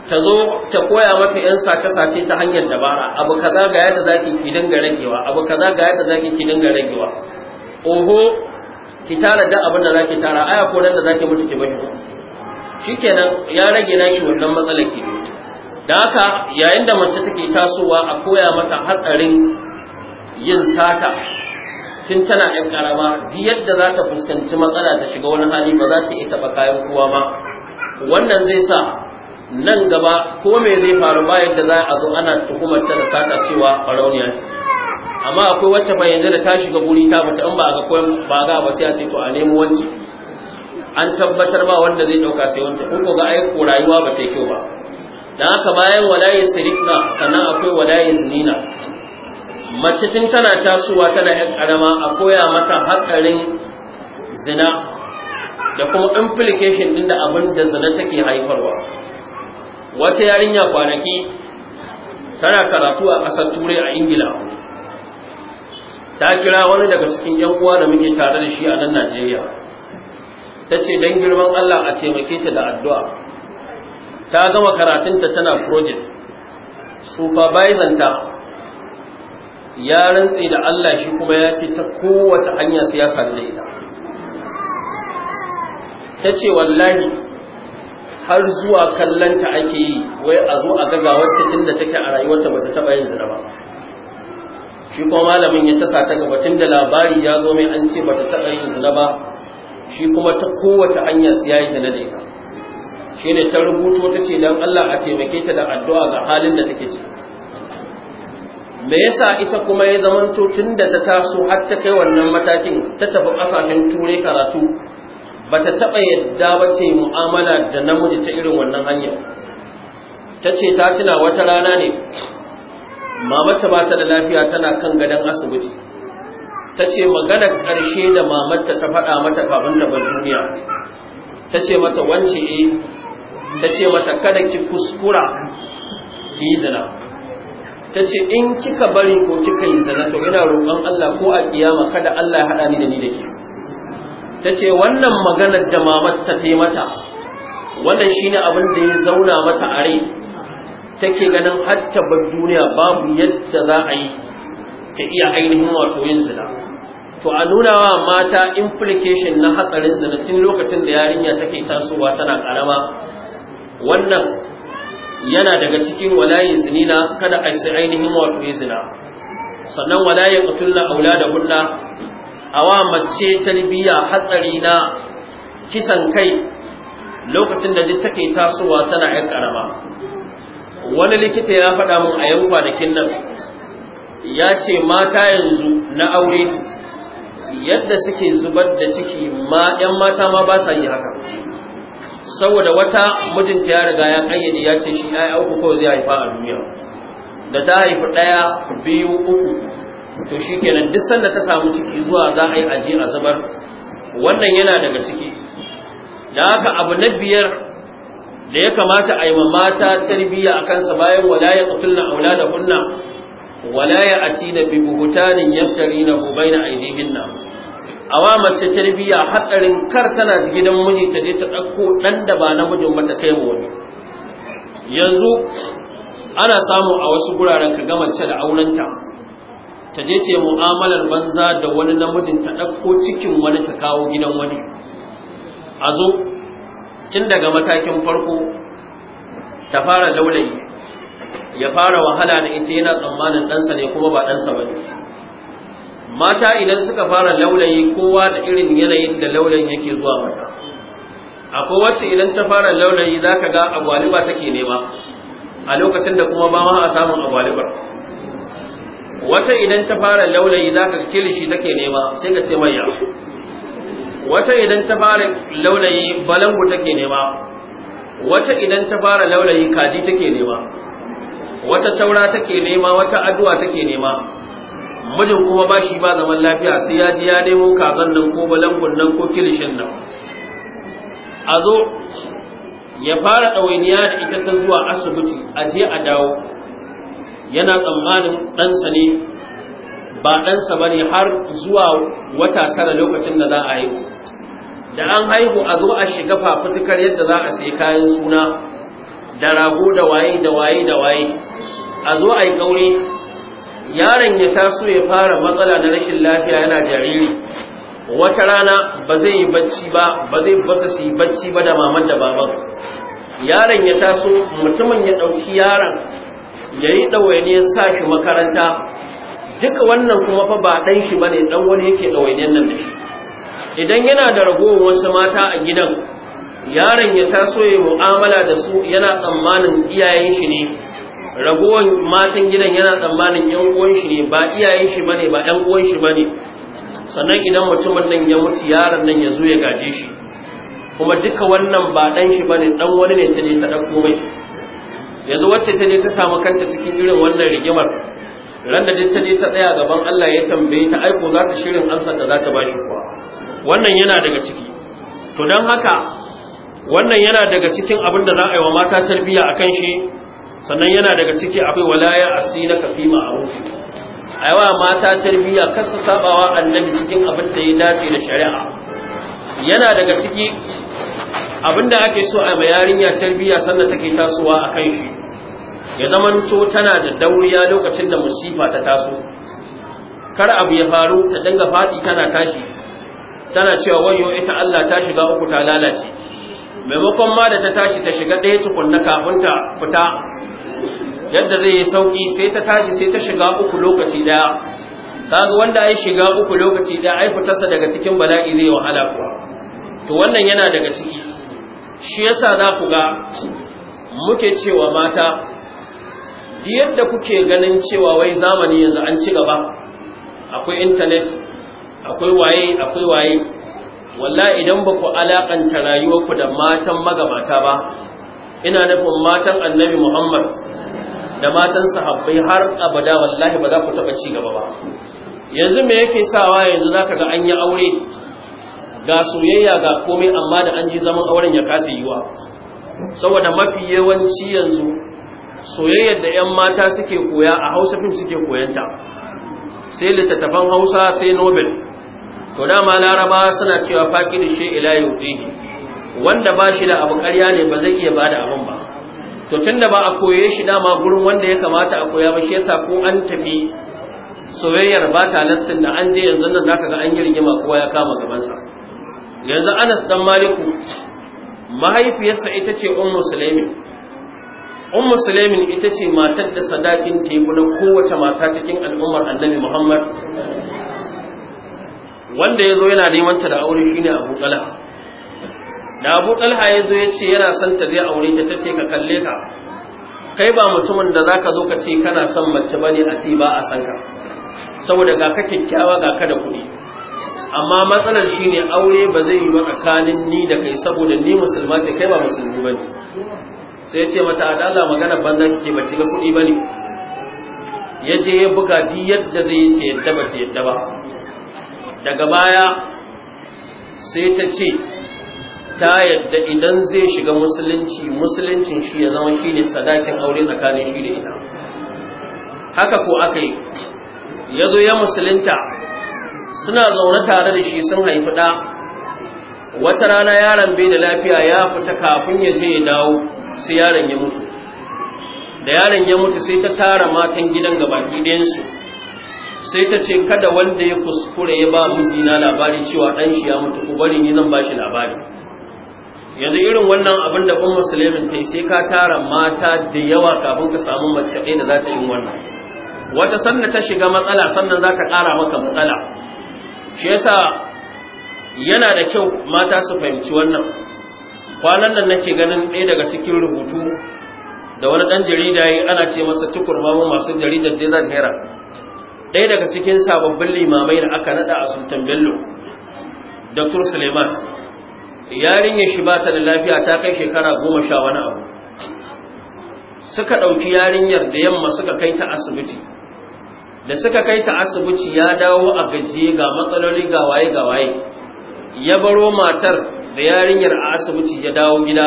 ta zo ta koya mata yan sace-sace ta hanyar dabara abu kaza ga yadda zaki ki dinga ragewa abu kaza ga yadda zaki ki dinga ragewa oho ki tara da abin da zaki tara aya ko nan da zaki mutu ki bashi shikenan ya rage naki wannan matsalar ki da haka yayin da mace take tasowa a koya mata hatsarin yin sata tun tana yan karama duk yadda za ta fuskanci matsala ta shiga wani hali ba za ta iya taɓa kayan kowa ba wannan zai sa nan gaba ko me zai faru ba yadda za a zo ana tuhumar ta da sata cewa farauniya ce amma akwai wacce fa da ta shiga guri ta fita in ba ga ko ba ga ba sai a ce to a nemi wanci an tabbatar ba wanda zai dauka sai wanci ko ko ga ai ko rayuwa ba sai kyau ba dan haka bayan walayi sirikna sannan akwai walayi zinina mace tun tana tasowa tana yan karama a koya mata hakarin zina da kuma implication din da abin da zina take haifarwa wata yarinya kwanaki tana karatu a ƙasar turai a ingila ta kira wani daga cikin yan uwa da muke tare da shi a nan najeriya ta ce don girman allah a taimake ta da addu'a ta gama karatunta tana project supervisor ta ya rantse da allah shi kuma ya ce ta kowace hanya siyasa da ita ta ce wallahi har zuwa kallanta ake yi wai a zo a gaga wacce tunda take a rayuwarta bata taba yin zina ba shi kuma malamin ya tasa ta gaba da labari ya zo mai an ce bata taba yin zina ba shi kuma ta kowace hanya su yayi zina da ita shi ne ta rubuto ta ce don Allah a taimake ta da addu'a ga halin da take ci. me yasa ita kuma ya zamanto tunda ta taso har ta kai wannan matakin ta tafi kasashen turai karatu Bata ta taɓa yadda ba ta yi mu'amala da namiji ta irin wannan hanyar ta ce ta tuna wata rana ne mamata ba ta da lafiya tana kan gadon asibiti ta ce magana ƙarshe da mamata ta faɗa mata kafin da ban duniya ta ce mata wance e ta ce mata kada ki kuskura ki yi zina ta ce in kika bari ko kika yi zina to ina roƙon Allah ko a kiyama kada Allah ya haɗa ni da ni da ke ta ce wannan maganar da mamat ta yi mata wannan ne abin da ya zauna mata a rai take ganin hatta bar duniya babu yadda za a yi ta iya ainihin wato yin zina to a nuna wa mata implication na hatsarin zina tun lokacin da yarinya take tasowa tana karama wannan yana daga cikin walayi zinina kada a sai ainihin wato yin zina sannan aula da auladahunna awa mace talbiya hatsari na kisan kai lokacin da duk take tasowa tana yan karama wani likita ya faɗa min a yan kwanakin nan ya ce mata yanzu na aure yadda suke zubar da ciki ma yan mata ma ba sa yi haka saboda wata mijinta ya riga ya kayyade ya ce shi ya auku kawai zai haifa a duniya da ta haifi ɗaya biyu uku to shi kenan duk sanda ta samu ciki zuwa za a yi aje a zubar wannan yana daga ciki da haka abu na biyar da ya kamata a yi ma mata tarbiyya a kansa bayan walaya ya a aula da kunna walaya ya da bi buhutanin yaftari na gobai na aidihinna a wa mace tarbiyya hatsarin kar tana gidan muni ta je ta ɗauko ɗan da ba na ba ta kai mu yanzu ana samu a wasu guraren ka ga mace da aurenta ta je ce mu'amalar banza da wani namijin ta ɗauko cikin wani ta kawo gidan wani a zo tun daga matakin farko ta fara laulayi ya fara wahala da ita yana tsammanin ɗansa ne kuma ba ɗansa ba ne mata idan suka fara laulayi kowa da irin yanayin da laulayin yake zuwa mata akwai wacce idan ta fara laulayi za ka ga agwaliba take nema a lokacin da kuma ba ma a samun agwalibar wata idan ta fara laulayi za ka kilishi take nema sai ka ce manya wata idan ta fara laulayi balangu take nema wata idan ta fara laulayi kaji take nema wata taura take nema wata addu'a take nema mijin kuma ba shi ba zaman lafiya sai ya ji ya nemo kazan nan ko balangun nan ko kilishin nan a zo ya fara ɗawainiya da ita ta zuwa asibiti a je a dawo yana tsammanin ɗansa ne ba ɗansa ba ne har zuwa wata tara lokacin da za a haihu da an haihu a zo a shiga fafutukar yadda za a sai kayan suna da rago da waye da waye da waye a zo a yi ƙauri, yaron ya taso ya fara matsala na rashin lafiya yana jariri wata rana ba zai yi bacci ba ba zai basa su yi bacci ba da maman da baban yaron ya taso mutumin ya ɗauki yaron ya yi ɗawainiyar sa shi makaranta duka wannan kuma fa ba ɗan shi ba ne ɗan wani yake ɗawainiyar nan da shi idan yana da ragowar wasu mata a gidan yaron ya taso ya mu'amala da su yana tsammanin iyayen shi ne ragowar matan gidan yana tsammanin yan uwan shi ne ba iyayen shi ba ne, ba yan uwan shi ne. sannan idan mutumin nan ya mutu yaron nan ya zo ya gaje shi kuma duka wannan ba ɗan shi ba ne ɗan wani ne ta ne ta ɗauko mai yanzu wacce ta je ta samu kanta cikin irin wannan rigimar ran da ta je ta tsaya gaban Allah ya tambaye ta aiko za ta shirin amsar da za ta shi kuwa wannan yana daga ciki to don haka wannan yana daga cikin abin da za a yi wa mata tarbiyya a kan shi sannan yana daga ciki akwai walaya asi na kafi ma'arufi a yawa mata tarbiyya kasa sabawa annabi cikin abin da ya dace da shari'a yana daga ciki abinda ake so a mai yarinya tarbiyya sannan take tasowa a kan shi ya zamanto tana da dauriya lokacin da musifa ta taso kar abu ya faru ta danga fadi tana tashi tana cewa wayo ita Allah ta shiga uku ta lalace maimakon ma da ta tashi ta shiga ɗaya tukunna kafin ta fita yadda zai yi sauki sai ta tashi sai ta shiga uku lokaci daya kaga wanda ai shiga uku lokaci daya ai fitarsa daga cikin bala'i zai wahala kuwa to wannan yana daga ciki shi yasa za ku ga muke cewa mata yadda kuke ganin cewa wai zamani yanzu an ci gaba akwai intanet akwai waye akwai waye wallahi idan ba ku alakanta rayuwarku da matan magabata ba ina nufin matan annabi muhammad da matan sahabbai har abada wallahi ba za ku taɓa ci gaba ba yanzu me yake sawa yanzu za ka ga an yi aure ga soyayya ga komai amma da an ji zaman auren ya kasa yiwa saboda mafi yawanci yanzu soyayyar da 'yan mata suke koya a hausa fim suke koyanta sai littattafan hausa sai nobel to dama laraba suna cewa faƙi da shi ila yau wanda ba shi da abu ƙarya ne ba zai iya ba da abin ba to tun da ba a koye shi dama gurin wanda ya kamata a koya ba shi yasa ko an tafi soyayyar ba ta lastin da an je yanzu nan zaka ga an yi rigima kowa ya kama gabansa yanzu anas dan maliku mahaifiyarsa ita ce ummu sulaimin ummu sulaimin ita ce matar da sadakin teku na kowace mata cikin al'ummar annabi muhammad wanda ya zo yana neman ta da aure shine abu talha da abu talha ya zo ya ce yana son ta zai aure ta ta ce ka kalle ka kai ba mutumin da zaka zo ka ce kana son mace bane a ce ba a san ka saboda ga ka kyakkyawa ga ka da kuɗi amma matsalar shine aure ba zai yi ba tsakanin ni da kai saboda ni musulma ce kai ba musulmi bane sai ya ce mata adala magana banza ke ba ga kuɗi bane ya je ya buga di yadda zai yi ce yadda ba ce yadda ba daga baya sai ta ce ta yadda idan zai shiga musulunci musuluncin shi ya zama shine sadakin aure tsakanin shi da ita haka ko aka yi ya zo ya musulunta suna zaune tare da shi sun haifi ɗa wata rana yaron bai da lafiya ya fita kafin ya je ya dawo sai yaron ya mutu da yaron ya mutu sai ta tara matan gidan gabaki ɗayansu sai ta ce kada wanda ya kuskure ya ba mijina labari cewa ɗan shi ya mutu ku bari ni zan ba labari yanzu irin wannan abin da ummu sulaimin ta sai ka tara mata da yawa kafin ka samu mace ɗaya da za ta yi wannan wata sannan ta shiga matsala sannan za ta ƙara maka matsala shi yasa yana da kyau mata su fahimci wannan kwanan nan nake ganin ɗaya daga cikin rubutu da wani ɗan jarida yi ana ce masa tukur mamu masu jaridar zan naira ɗaya daga cikin sababbin limamai da aka naɗa a sultan bello dr suleiman yarinyar shi ba ta da lafiya ta kai shekara goma sha wani abu suka ɗauki yarinyar da yamma suka kai ta asibiti da suka kai ta asibiti ya dawo a gajiye ga matsaloli ga waye ga waye ya baro matar da yarinyar a asibiti ya dawo gida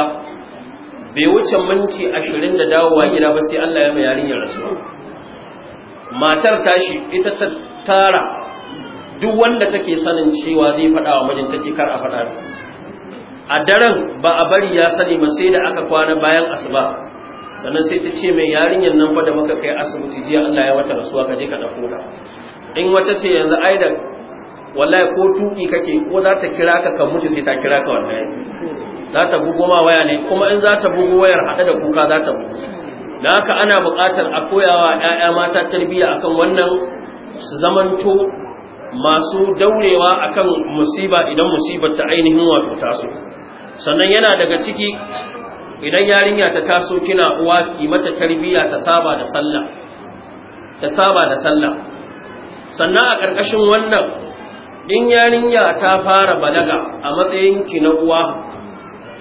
bai wuce minti ashirin da dawowa gida ba sai Allah ya mai yarinyar rasuwa matar tashi ita ta tara duk wanda take sanin cewa zai faɗa wa mijinta ce kar a faɗa a daren ba a bari ya sani ba sai da aka kwana bayan asuba sannan sai ta ce mai yarinyar nan fa da muka kai asibiti jiya Allah ya wata rasuwa ka je ka dauko ta in wata ce yanzu ai da wallahi ko tuki kake ko za ta kira ka kan mutu sai ta kira ka wallahi za ta bugo ma waya ne kuma in za ta bugo wayar hada da kuka za ta bugo da haka ana buƙatar a koyawa ƴaƴa mata tarbiyya akan wannan su zamanto masu daurewa akan musiba idan musibar ta ainihin wato taso sannan yana daga ciki idan yarinya ta taso kina uwa ki mata tarbiya ta saba da sallah ta saba da sallah sannan a ƙarƙashin wannan in yarinya ta fara balaga a matsayin ki na uwa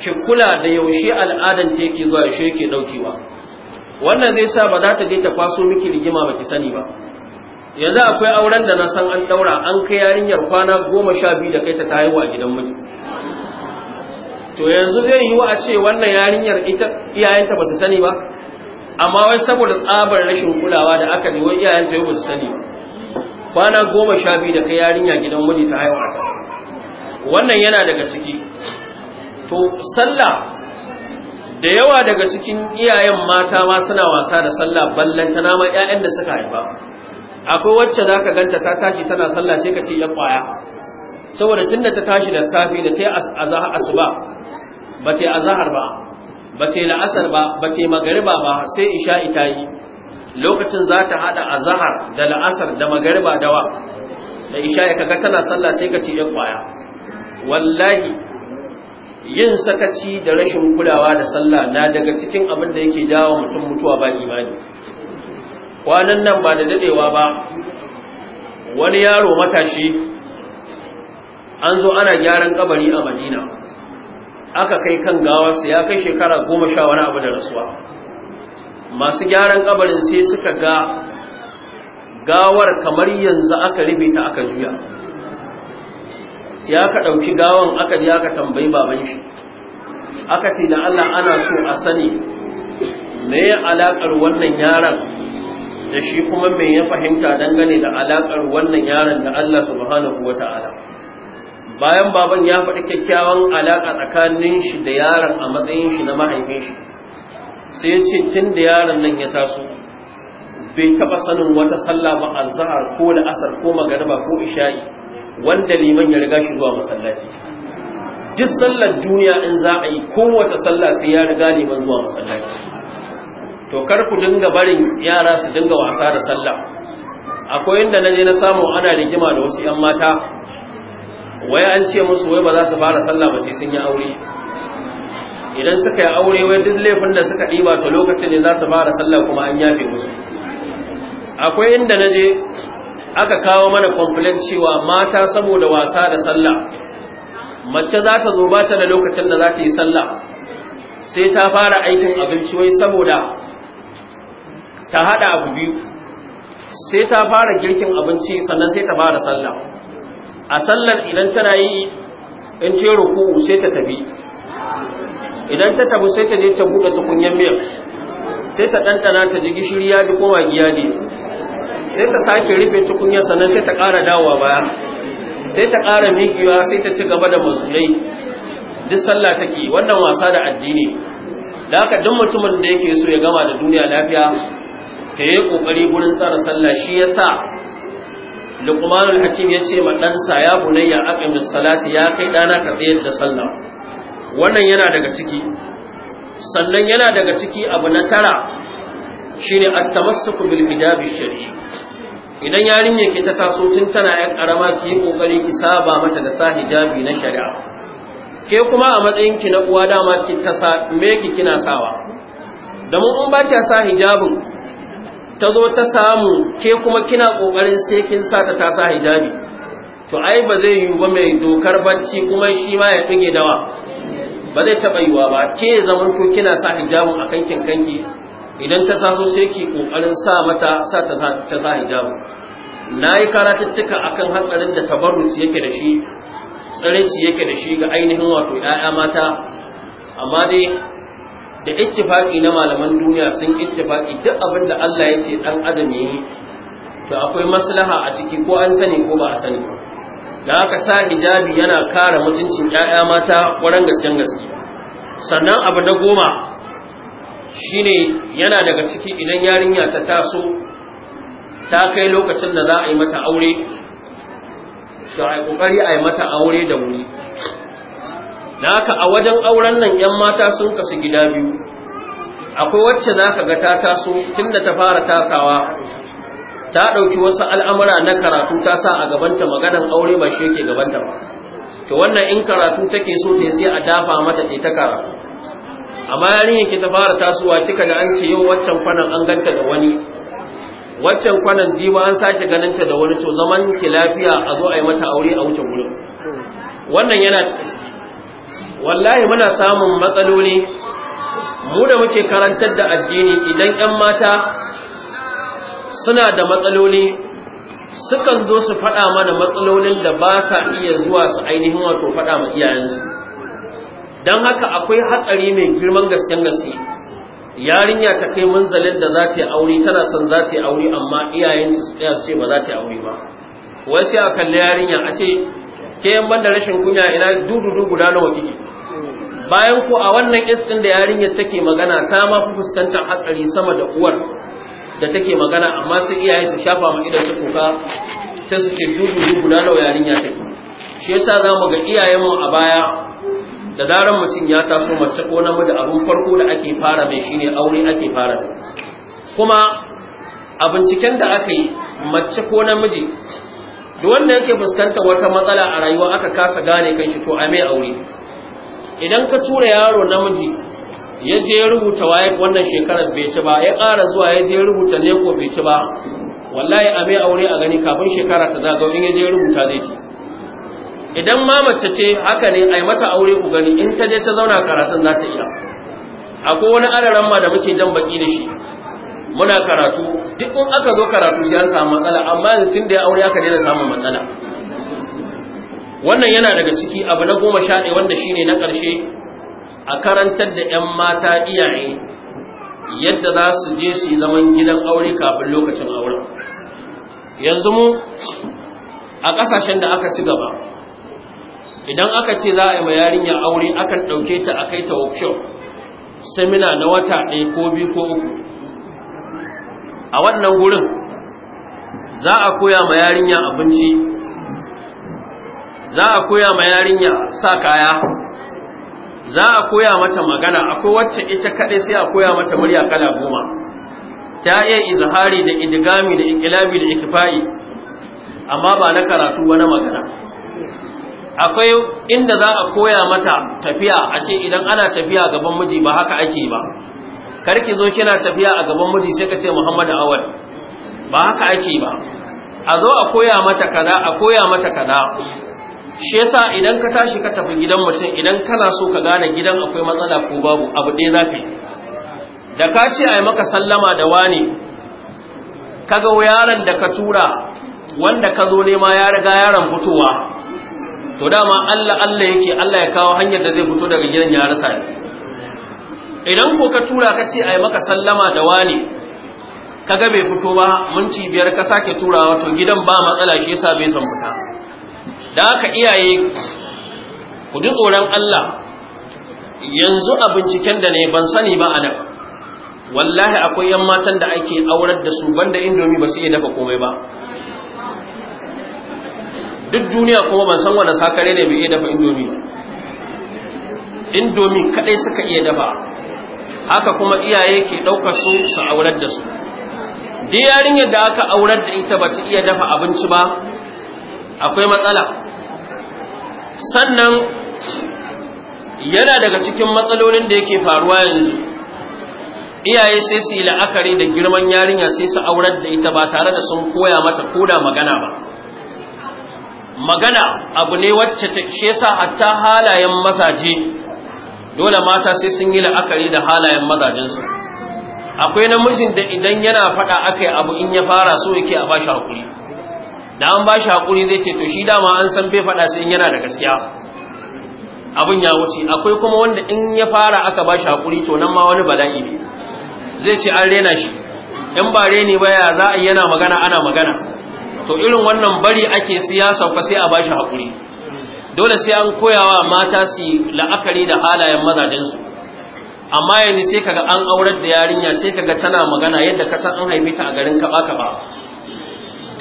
ki kula da yaushe al'adan ce ki zuwa yaushe yake daukewa wannan zai sa ba za ta je ta kwaso miki rigima ba ki sani ba yanzu akwai auren da na san an daura an kai yarinyar kwana goma sha biyu da kai ta ta haihuwa gidan miji to yanzu zai yi wa a ce wannan yarinyar ita iyayenta ba su sani ba amma wai saboda tsabar rashin kulawa da aka yi wa iyayenta yau ba su sani ba kwana goma sha biyu da kai yarinya gidan miji ta haihuwa wannan yana daga ciki to sallah da yawa daga cikin iyayen mata ma suna wasa da sallah ta nama ƴaƴan da suka haifa akwai wacce zaka ganta ta tashi tana sallah sai ka ce ya kwaya saboda tunda ta tashi da safi da ta yi asuba ba ta azahar ba ba ta la'asar ba ba ta magariba ba sai isha ita yi lokacin za ta haɗa azahar da la'asar da magariba da wa da isha ya kaga tana sallah sai ka ce ya kwaya wallahi yin sakaci da rashin kulawa da sallah na daga cikin abin da yake jawo mutum mutuwa ba imani kwanan nan ba da dadewa ba wani yaro matashi an zo ana gyaran kabari a madina aka kai kan gawarsa ya kai shekara goma sha wani abu da rasuwa masu gyaran kabarin sai suka ga gawar kamar yanzu aka ribita aka juya Ya ka ɗauki gawan aka ji aka tambayi baban shi aka ce da Allah ana so a sani me ya alaƙar wannan yaron da shi kuma me ya fahimta dangane da alaƙar wannan yaran da Allah subhanahu wa ta'ala bayan baban ya faɗi kyakkyawan alaƙa tsakanin shi da yaron a matsayin shi na mahaifin shi sai ya ce tun da yaron nan ya taso bai taɓa sanin wata sallah ba azhar ko da asar ko magariba ko isha'i wanda liman ya riga shi zuwa masallaci duk sallar duniya in za a yi kowace sallah sai ya riga liman zuwa masallaci to kar ku dinga barin yara su dinga wasa da sallah akwai inda na je na samu ana rigima da wasu 'yan mata wai an ce musu wai ba za su fara sallah ba sai sun yi aure idan suka yi aure wai duk laifin da suka ɗiba to lokacin ne za su fara sallah kuma an yafe musu akwai inda na je aka kawo mana complaint cewa mata saboda wasa da sallah mace za ta zo ba ta da lokacin da za ta yi sallah sai ta fara aikin abinci wai saboda ta hada abu biyu sai ta fara girkin abinci sannan sai ta fara sallah a sallar idan tana yi in ce ruku'u sai ta tafi idan ta tafi sai ta je ta buɗe tukunyar miyar sai ta ɗanɗana ta ji gishiri ya ji ko magiya ne sai ta sake rufe tukunyar sannan sai ta ƙara dawowa baya sai ta ƙara miƙewa sai ta ci gaba da musulai duk sallah take wannan wasa da addini da haka duk mutumin da yake so ya gama da duniya lafiya ka yi ƙoƙari gurin tsara sallah shi ya sa. al hakim ya ce ma ɗansa ya bunayya aqim salati ya kai ɗana ka tsayar da sallah wannan yana daga ciki sannan yana daga ciki abu na tara shine at-tamassuku bil bidab shari'i idan yarinyar ki ta taso tun tana yan karama ki kokari ki saba mata da sa hijabi na shari'a ke kuma a matsayin ki na uwa dama ki me ki kina sawa da mun in ba ki sa hijabin ta zo ta samu ke kuma kina ƙoƙarin sai kin sa ta tasa hijabi to ai ba zai yiwu ba mai dokar bacci kuma shi ma ya ɗige dawa ba zai taɓa yiwa ba ke zaman to kina sa hijabin a kankin kanki idan ta so sai ki ƙoƙarin sa mata sa ta sa hijabi na yi karatuttuka akan hatsarin da tabarruci yake da shi tsiraici yake da shi ga ainihin wato ‘ya'ya mata amma dai da ittifaki na malaman duniya sun ittifaki duk abin da Allah ya ce dan adam yi to akwai maslaha a ciki ko an sani ko ba a sani ba da haka sa hijabi yana kare mutuncin 'ya'ya mata ƙwarar gasken gaske sannan abu na goma shine yana daga ciki idan yarinya ta taso ta kai lokacin da za a yi mata aure shi a yi a yi mata aure da wuri da haka a wajen auren nan yan mata sun kasu gida biyu akwai wacce za ka ga ta taso tun da ta fara tasawa ta ɗauki wasu al'amura na karatu ta sa a gabanta maganan aure ba shi yake gabanta ba to wannan in karatu take so ta sai a dafa mata ce ta karatu amma yarinyar ki ta fara tasowa kika ga an ce yau waccan kwanan an ganta da wani waccan kwanan jiba an sake ganinta da wani to zaman ki lafiya a zo a yi mata aure a wuce gurin wannan yana wallahi muna samun matsaloli mu da muke karantar da addini idan 'yan mata suna da matsaloli sukan zo su faɗa mana matsalolin da ba sa iya zuwa su ainihin wato faɗa ma iyayensu don haka akwai hatsari mai girman gasken gaske yarinya ta kai munzalin da za ta yi aure tana son za ta yi aure amma iyayensu su tsaya su ce ba za ta yi aure ba wai sai a kalli yarinya a ce ke yan banda rashin kunya ina dududu guda nawa kike bayan ku a wannan iskin da yarinyar take magana ta ma fi fuskantar hatsari sama da uwar da take magana amma sai iyaye su shafa ma idan su kuka sai su ce dududu guda nawa yarinya take shi yasa za mu ga iyayenmu a baya da zaran mutum ya taso mace ko namiji abin farko da ake fara mai shine aure ake fara kuma a binciken da aka yi mace ko namiji duk wanda yake fuskantar wata matsala a rayuwa aka kasa gane kanshi to a mai aure idan ka tura yaro namiji ya je ya rubuta waye wannan shekarar bai ci ba ya ƙara zuwa ya je rubuta ne ko bai ci ba wallahi a mai aure a gani kafin shekara ta zagawo in ya je rubuta zai ci idan ma mace ce haka ne ai mata aure ku gani in ta je ta zauna karatun za ta iya akwai wani adaran ma da muke jan baki da shi muna karatu duk in aka zo karatu sai an samu matsala amma yanzu tun da ya aure aka daina samun matsala wannan yana daga ciki abu na goma sha ɗaya wanda shine na ƙarshe a karantar da 'yan mata iyaye yadda za su je su yi zaman gidan aure kafin lokacin auren yanzu mu a ƙasashen da aka ci gaba idan aka ce za a yi ma yarinya aure akan ɗauke ta a kai ta workshop semina na wata ɗaya ko biyu ko uku a wannan wurin, za a koya ma yarinya abinci za a koya ma yarinya sa kaya za a koya mata magana akwai wacce ita kaɗai sai a koya mata murya kala goma ta iya izhari da idigami da ikilabi da ikifa'i amma ba na karatu wani magana akwai inda za a koya mata tafiya a ce idan ana tafiya gaban miji ba haka ake ba kar ki zo kina tafiya a gaban miji sai ka ce Muhammadu Awal ba haka ake ba a zo a koya mata kaza a koya mata kaza shi yasa idan ka tashi ka tafi gidan mutum idan kana so ka gane gidan akwai matsala ko babu abu ɗaya zafi da ka ce a yi maka sallama da wani kaga yaron da ka tura wanda ka zo nema ya riga yaron fitowa to dama Allah Allah yake Allah ya kawo hanyar da zai fito daga gidan ya rasa ne idan ko ka tura ka ce ai maka sallama da wani ga bai fito ba minti biyar ka sake turawa wato gidan ba matsala shi yasa bai san fita da haka iyaye ku ji tsoron Allah yanzu a binciken da ne ban sani ba a dafa wallahi akwai yan matan da ake aurar da su banda indomi ba su iya dafa komai ba duk duniya kuma ban san wani sakare ne bai iya dafa indomi indomi kadai suka iya dafa haka kuma iyaye ke ɗaukar su su aurar da su duk yarinyar da aka aurar da ita ba ta iya dafa abinci ba akwai matsala sannan yana daga cikin matsalolin da yake faruwa yanzu iyaye sai su yi la'akari da girman yarinya sai su aurar da ita ba tare da sun koya mata koda magana ba magana abu ne wacce ta shesa hatta halayen mazaje dole mata sai sun yi la'akari da halayen mazajensu akwai namijin da idan yana faɗa aka yi abu in ya fara so yake a bashi hakuri da an bashi hakuri zai ce to shi dama an san bai faɗa sai in yana da gaskiya abin ya wuce akwai kuma wanda in ya fara aka bashi hakuri to nan ma wani bala'i ne zai ce an rena shi in ba reni ba ya za a yana magana ana magana to irin wannan bari ake siyasa ka sai a bashi hakuri dole sai an koyawa mata su la'akari da halayen mazajensu amma yanzu sai kaga an aurar da yarinya sai kaga tana magana yadda ka san an haife ta a garin kaba kaba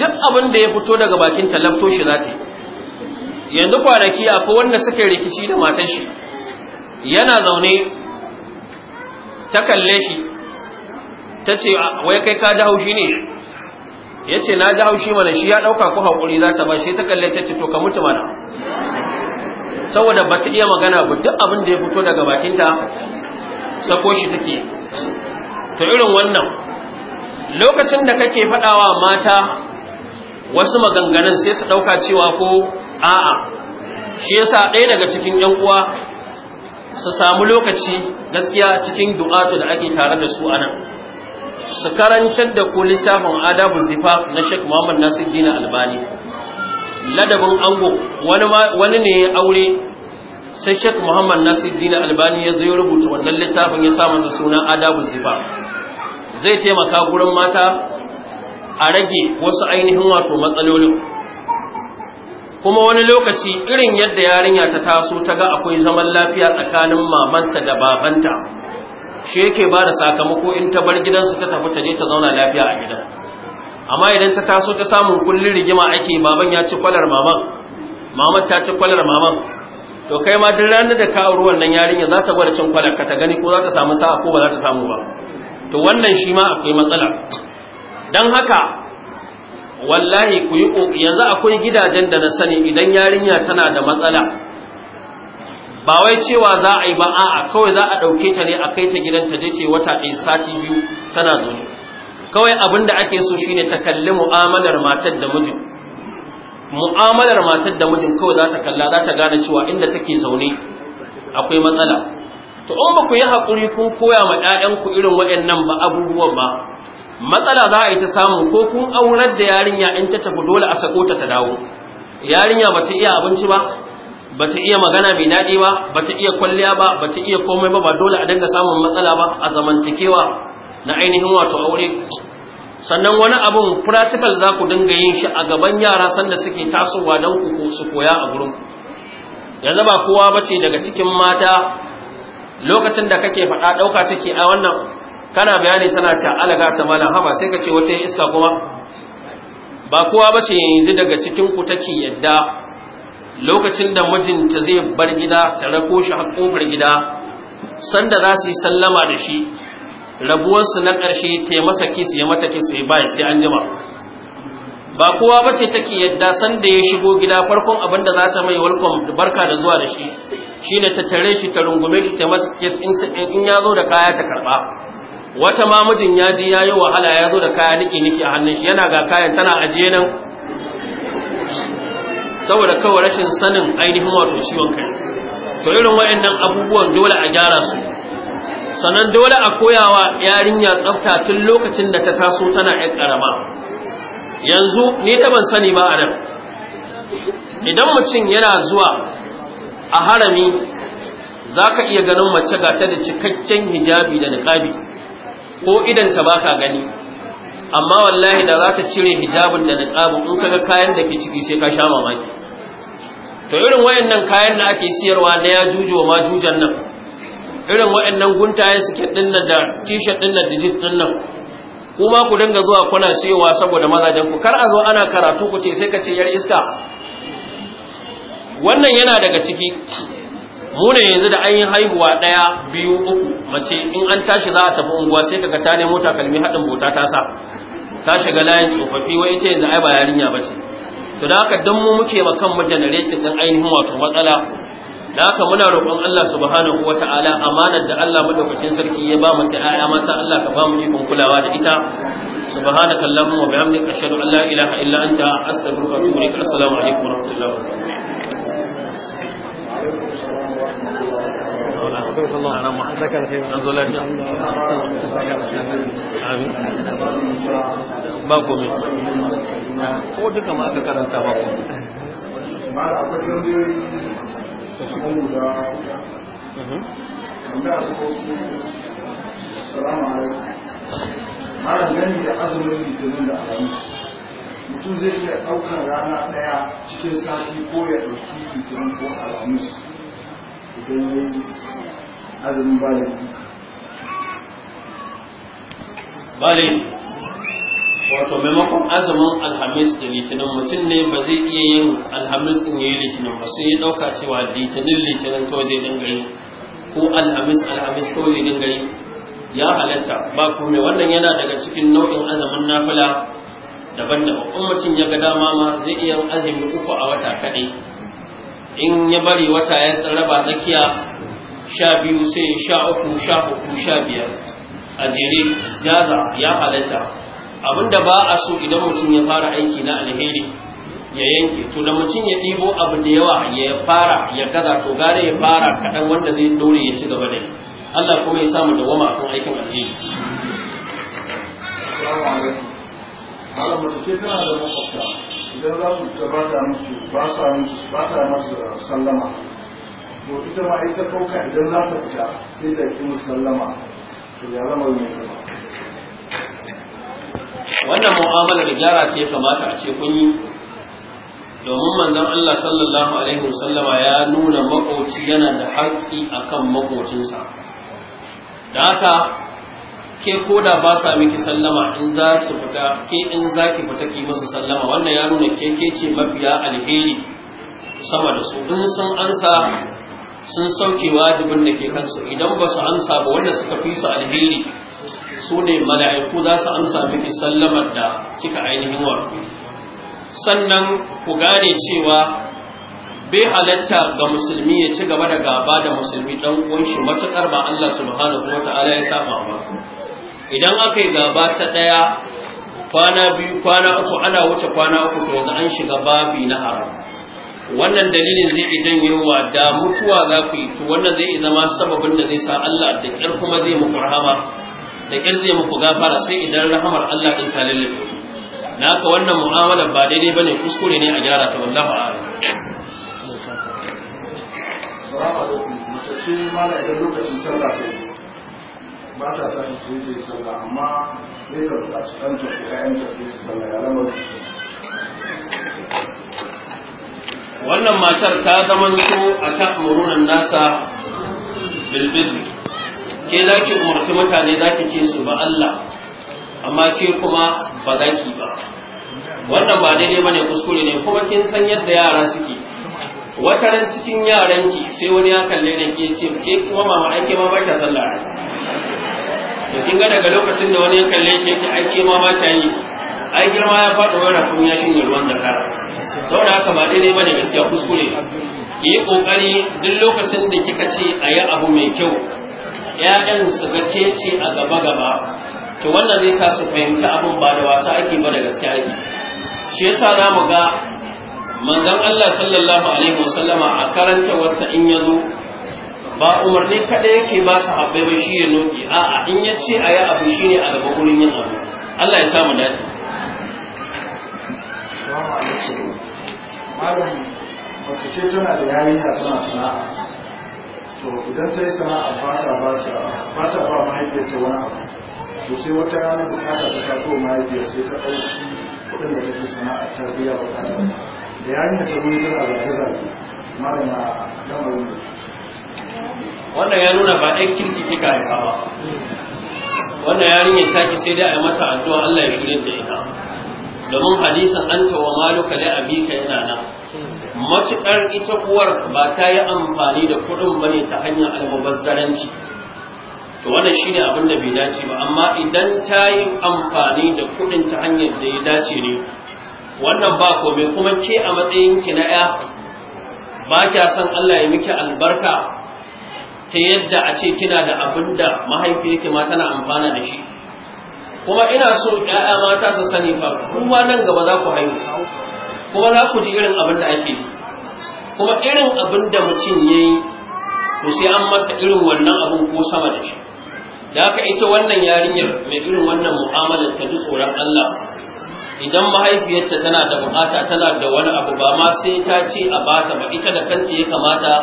duk abin da ya fito daga bakin ta lafto shi zata yanzu kwanaki akwai wanda suka rikici da matan shi yana zaune ta kalle shi ta ce wai kai ka ji haushi ne ya ce na ji haushi mana shi ya ɗauka ku haƙuri za ta ba shi ta kalle ta ce to ka mutu mana saboda ba ta iya magana ba duk abin da ya fito daga bakinta sako shi take to irin wannan lokacin da kake faɗawa mata wasu maganganun sai su ɗauka cewa ko a'a shi yasa ɗaya daga cikin ‘yan uwa su samu lokaci gaskiya cikin du'atu da ake tare da su anan su karantar da ku littafin adabul zifa na Sheikh Muhammad Nasir Dina Albani ladabin ango wani ne ya aure sai Sheikh muhammad nasiruddin albani ya zai rubuta wannan littafin ya sa masa suna adabu zifa zai taimaka gurin mata a rage wasu ainihin wato matsalolin kuma wani lokaci irin yadda yarinya ta taso ta ga akwai zaman lafiya tsakanin mamanta da babanta shi yake ba da sakamako in ta bar gidansu ta tafi ta je ta zauna lafiya a gidan amma idan ta taso ta samun kullun rigima ake baban ya ci kwalar maman maman ta ci kwalar maman to kai ma duk ranar da ka nan wannan yarinya za ta gwada cin kwalar ka ta gani ko za ta samu sa'a ko ba za ta samu ba to wannan shi ma akwai matsala dan haka wallahi ku yi yanzu akwai gidajen da na sani idan yarinya tana da matsala ba wai cewa za a yi ba a'a kawai za a ɗauke ta ne a kai ta ta je ce wata ɗaya sati biyu tana zo kawai abin da ake so shine ta kalli mu'amalar matar da mijin mu'amalar matar da mijin kawai za ta kalla za ta gane cewa inda take zaune akwai matsala to in ba ku yi hakuri kun koya ma ku irin waɗannan ba abubuwan ba matsala za a yi ta samu ko kun aurar da yarinya in ta tafi dole a sako ta ta dawo yarinya ba ta iya abinci ba ba ta iya magana mai daɗi ba ba ta iya kwalliya ba ba ta iya komai ba ba dole a dinga samun matsala ba a zamantakewa na ainihin wato aure sannan wani abun practical za ku dinga yin shi a gaban yara sanda suke tasowa don ku su koya a gurin yanzu ba kowa bace daga cikin mata lokacin da kake faɗa ɗauka take a wannan kana bayani tana ta alaga ta malam haba sai ka ce wata iska kuma ba kowa bace yanzu daga cikin ku take yadda lokacin da mijinta zai bar gida ta rako shi har kofar gida sanda za su yi sallama da shi rabuwarsu na ƙarshe ta masa kisi ya mata kisi ba sai an jima ba kowa ba ce take yadda sanda ya shigo gida farkon abin da za ta mai da barka da zuwa da shi shine ta tare shi ta rungume shi ta masa kisi in ya zo da kaya ta karba wata mamudin ya ji ya yi wahala ya zo da kaya niki niki a hannun shi yana ga kayan tana ajiye nan saboda kawai rashin sanin ainihin wato ciwon kai to irin waɗannan abubuwan dole a gyara su sannan dole a koyawa yarinya tsafta tun lokacin da ta taso tana yan karama yanzu ni da ban sani ba anan idan mutum yana zuwa a harami za ka iya ganin mace ga ta da cikakken hijabi da niqabi ko idan ta baka gani amma wallahi da za ta cire hijabin da niqabin in kaga kayan da ke ciki sai ka sha mamaki to irin wayannan kayan da ake siyarwa na ya jujuwa ma jujan nan irin waɗannan guntaye suke dinnan da t-shirt dinnan da jeans dinnan kuma ku dinga zuwa kuna siyowa saboda mazajen ku kar a zo ana karatu ku ce sai ka ce yar iska wannan yana daga ciki mu ne yanzu da an yi haihuwa ɗaya biyu uku mace in an tashi za a tafi unguwa sai ka kaga ta nemo takalmi haɗin bota ta sa ta shiga layin tsofaffi wai ita yanzu ai ba yarinya ba ce to da haka dan mu muke ma kan mu generating din ainihin wato matsala da haka muna roƙon Allah subhanahu wata'ala amanar da Allah madaukakin sarki ya ba mu ta aya mata Allah ka ba mu ikon kulawa da ita subhanaka allahumma wa bihamdika ashhadu an allah ilaha illa anta astaghfiruka wa atubu ilaik assalamu alaikum wa rahmatullahi wa barakatuh Mhm. malam azumin mutum zai iya ɗaukar rana ɗaya cikin sati ko ya ɗauki litinin ko alamis idan ya yi azumin wato maimakon azumin alhamis da litinin mutum ne ba zai iya yin alhamis din yayi litinin ba sai ya dauka cewa litinin litinin to dai dinga yi ko alhamis alhamis to dai dinga yi ya halatta ba komai wannan yana daga cikin nau'in azumin nafila daban-daban in mutum ya ga dama ma zai iya azumi uku a wata kaɗai in ya bari wata ya tsaraba tsakiya sha biyu sai sha uku sha uku sha biyar a jere ya za, ya halatta abinda ba a so idan mutum ya fara aiki na alheri ya yanke to da mutum ya ɗibo abu da yawa ya fara ya gaza to gare ya fara kaɗan wanda zai dore ya ci gaba da Allah kuma ya samu dawama akan aikin alheri malam mace ce tana da makwabta idan za su fita ba ta musu ba sa musu ba ta masu sallama to ita ma ita kauka idan za ta fita sai ta yi musu sallama to ya zama mai zama wannan da gyara ce kamata a ce kun yi domin manzon Allah sallallahu alaihi wasallama ya nuna makoci yana da haƙƙi akan makocinsa da haka ke koda ba sa miki sallama in za su fita ke in za ki fita ki musu sallama wannan ya nuna ke ke ce mabiya alheri sama da su in sun ansa sun sauke wajibin da ke kansu idan ba su ansa ba wanda suka fi su alheri su ne mala'iku za su amsa miki sallamar da kika ainihin warku sannan ku gane cewa bai halatta ga musulmi ya ci gaba da gaba da musulmi dan kunshi matukar ba Allah subhanahu wata'ala ya saba ba idan aka yi gaba ta ɗaya, kwana biyu kwana uku ana wuce kwana uku to ga an shiga babi na haram wannan dalilin zai iya janyewa da mutuwa za ku yi to wannan zai zama sababin da zai sa Allah da kyar kuma zai muku farhama. da ƙyar zai muku gafara sai idan rahamar Allah ɗin ta lallabe na ka wannan mu'amalar ba daidai ba ne, kuskure ne a gyara ta wallafa a lokacin wannan matar ta zama su a ta'amurunan nasa bilbil ke za ki umarci mutane za ki ce su ba Allah amma ke kuma ba za ki ba wannan ba daidai ba ne kuskure ne kuma kin san yadda yara suke wata ran cikin yaran ki sai wani ya kalle ne ke ce ke kuma mama ake ma ba ta sallah to kin ga daga lokacin da wani ya kalle shi yake ake ma ba ta yi ai girma ya faɗo wani rafin ya shinye ruwan da kara da haka ba daidai ba ne gaskiya kuskure ki yi kokari duk lokacin da kika ce a yi abu mai kyau 'ya'yan su ga keci a gaba gaba to wannan zai sa su fahimci abin ba da wasa ake ba da gaskiya ake shi sa za mu ga manzon Allah sallallahu alaihi wasallama a karanta wasa in ya zo ba umarni kada yake ba su haɓe ba shi ya noki a'a in ya ce a yi abu ne a gaba gurin yin abu Allah ya samu dace malam wacce ce tana da yarinya suna sana'a to idan ta yi sana'a fata ba ta fata ba mahaifiyarta wani abu to sai wata rana bukata ta taso mahaifiyar sai ta ɗauki kuɗin da take sana'a ta biya bukata da yi ta gudu tana zage-zage mara na lamarin da wannan ya nuna ba ɗan kirki kika haifa ba wannan yarinyar ki sai dai a yi mata addu'a Allah ya shirin da ita domin hadisin anta wa maluka li abika yana nan matuƙar ita uwar ba ta yi amfani da kuɗin ba ne ta hanyar almubazzaranci to wannan ne abin da bai dace ba amma idan ta yi amfani da kuɗin ta hanyar da ya dace ne wannan ba komai kuma ke a matsayin ki na ya ba kya san Allah ya miki albarka ta yadda a ce kina da abin da mahaifiyarki ma tana amfana da shi kuma ina so 'ya'ya mata su sani fa kuma nan gaba za ku haihu kuma za ku ji irin abin da ake kuma irin abin da mutum ya yi ku sai an masa irin wannan abin ko sama da shi da aka ita wannan yarinyar mai irin wannan mu'amalar ta ji tsoron Allah idan mahaifiyarta tana da bukata tana da wani abu ba ma sai ta ce a bata ba ita da kanta ya kamata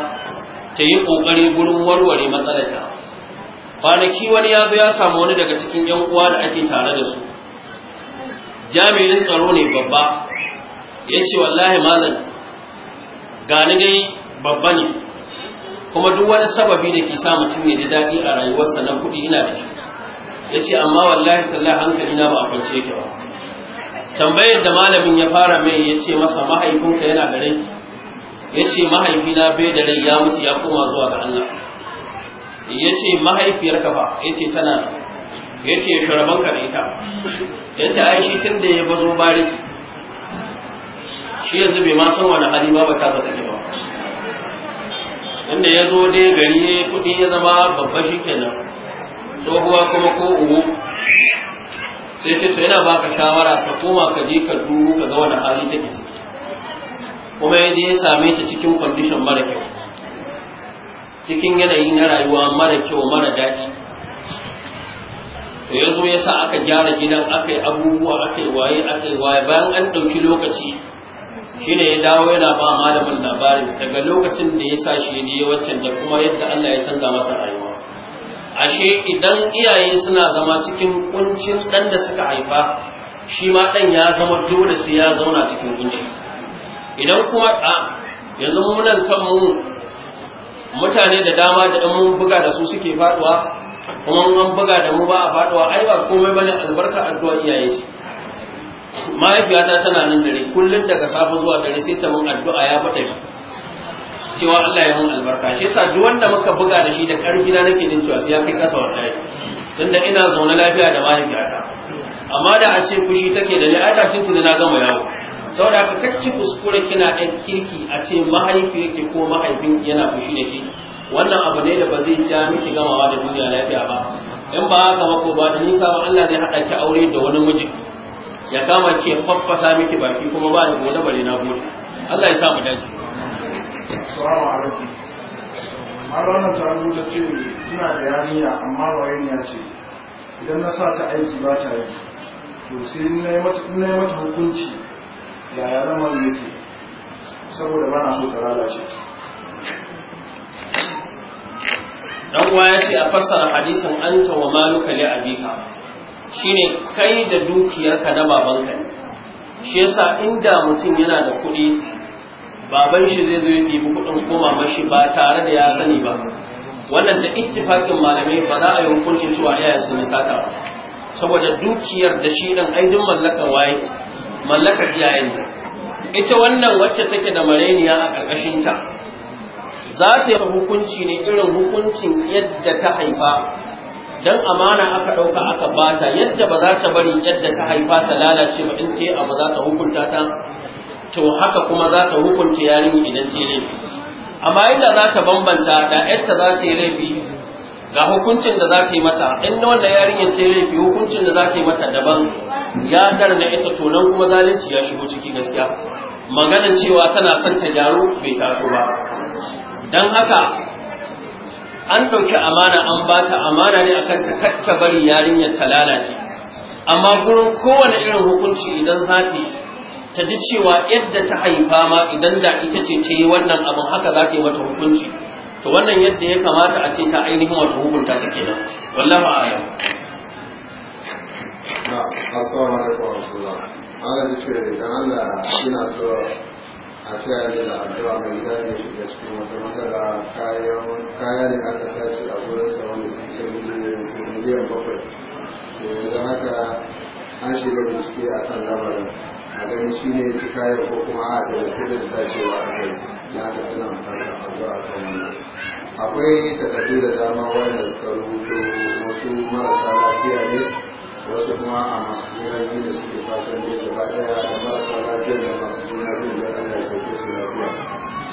ta yi kokari gurin warware matsalarta kwanaki wani ya zo ya samu wani daga cikin yan uwa da ake tare da su jami'in tsaro ne babba ya ce wallahi malam gani dai babba ne kuma duk wani sababi da ke sa mutum ya ji daɗi a rayuwarsa na kuɗi ina da shi ya ce amma wallahi tallahi hankali na ba a kwance yake ba tambayar da malamin ya fara mai ya ce masa mahaifinka yana da rai ya ce mahaifina bai da rai ya mutu ya koma zuwa ga Allah ya ce mahaifiyarka ba ya ce tana ya ce ka da ita ya ce aiki tun da ya bazo bari. shi yanzu bai ma san wani hali ba ba kasa take ba inda ya zo dai gari ya kuɗi ya zama babba shi kenan tsohuwa kuma ko ubu sai ce to yana ka shawara ka koma ka je ka dubu ka ga wani hali take ciki kuma ya je ya same ta cikin kwandishin mara kyau cikin yanayin na rayuwa mara kyau mara daɗi to ya zo ya sa aka gyara gidan aka yi abubuwa aka yi waye aka yi waye bayan an ɗauki lokaci shine ya dawo yana ba malamin labari daga lokacin da ya sa shi je waccan da kuma yadda Allah ya canza masa rayuwa ashe idan iyaye suna zama cikin kuncin dan da suka haifa shi ma dan ya zama dole sai ya zauna cikin kunci idan kuma a yanzu mu nan mu mutane da dama da mun buga da su suke faduwa kuma mun buga da mu ba a faduwa ai ba komai bane albarka addu'a iyaye shi mahaifiyata tana nan dare kullum daga safe zuwa dare sai ta mun addu'a ya fata ni cewa Allah ya mun albarka shi yasa duk wanda muka buga da shi da karfi na nake jin cewa sai ya kai kasa wallahi tunda ina zaune lafiya da mahaifiyata amma da a ce kushi take da ni ai da tuntuni na gama yawo saboda ka kacci kuskure kina ɗan kirki a ce mahaifi yake ko mahaifin yana kushi da ke wannan abu ne da ba zai ja miki gamawa da duniya lafiya ba in ba haka ba ko ba da nisa ba Allah zai haɗa ki aure da wani mijin ya kama ke faffasa miki baki kuma ba ni gode bare na gode Allah ya sa mu dace assalamu alaikum malama ta zo ta ce ina da yarinya amma wayen ya ce idan na sa ta aiki ba ta yi to sai na nayi mata na nayi mata hukunci ya yaran zama yake saboda bana so ta lalace dan uwa ya ce a fassara hadisin anta wa maluka li abika shine kai da dukiyarka na babanka ne shi yasa inda mutum yana da kuɗi baban shi zai zo ya ɗibi kuɗin koma mashi ba tare da ya sani ba wannan da ittifaƙin malamai ba za a yi hukuncin cewa iyayen su ne sata ba saboda dukiyar da shi ɗan ai mallakar waye mallakar iyayen ne ita wannan wacce take da mareniya a ƙarƙashinta za ta yi hukunci ne irin hukuncin yadda ta haifa dan amana aka ɗauka aka bata yadda ba za ta bari yadda ta haifa ta lalace ba in ce abu za ta hukunta ta to haka kuma za ta hukunta yarinya idan sai laifi amma inda za ta bambanta da yadda za ta yi laifi ga hukuncin da za ta yi mata in na wannan yarinyar ta laifi hukuncin da za ta yi mata daban ya dar na ita to nan kuma zalunci ya shigo ciki gaskiya maganar cewa tana son ta gyaru bai taso ba dan haka an ɗauki amana an bata amana ne akan ta kacce bari yarinyar ta lalace amma gurin kowane irin hukunci idan za ta yi ta ji cewa yadda ta haifa ma idan da ita ce ta yi wannan abin haka za ta yi mata hukunci to wannan yadda ya kamata a ce ta ainihin wata hukunta ta kenan wallahi a'lam na assalamu alaikum wa rahmatullah ana da ce da Allah yana so a tsaye da addu'a ga gida da shi da cikin wata matsala kaya da aka sace a gurin sa wanda suke miliyan bakwai sai da haka an shiga bincike a kan labarin a gani shi ne ci kayan ko kuma a da gaske da wa a kai ya ka tana a addu'a kan wannan akwai takardu da dama wanda suka rubuto wasu marasa lafiya ne wasu kuma a masu juna biyu da suke fatan da gaba daya da marasa lafiya da masu juna biyu da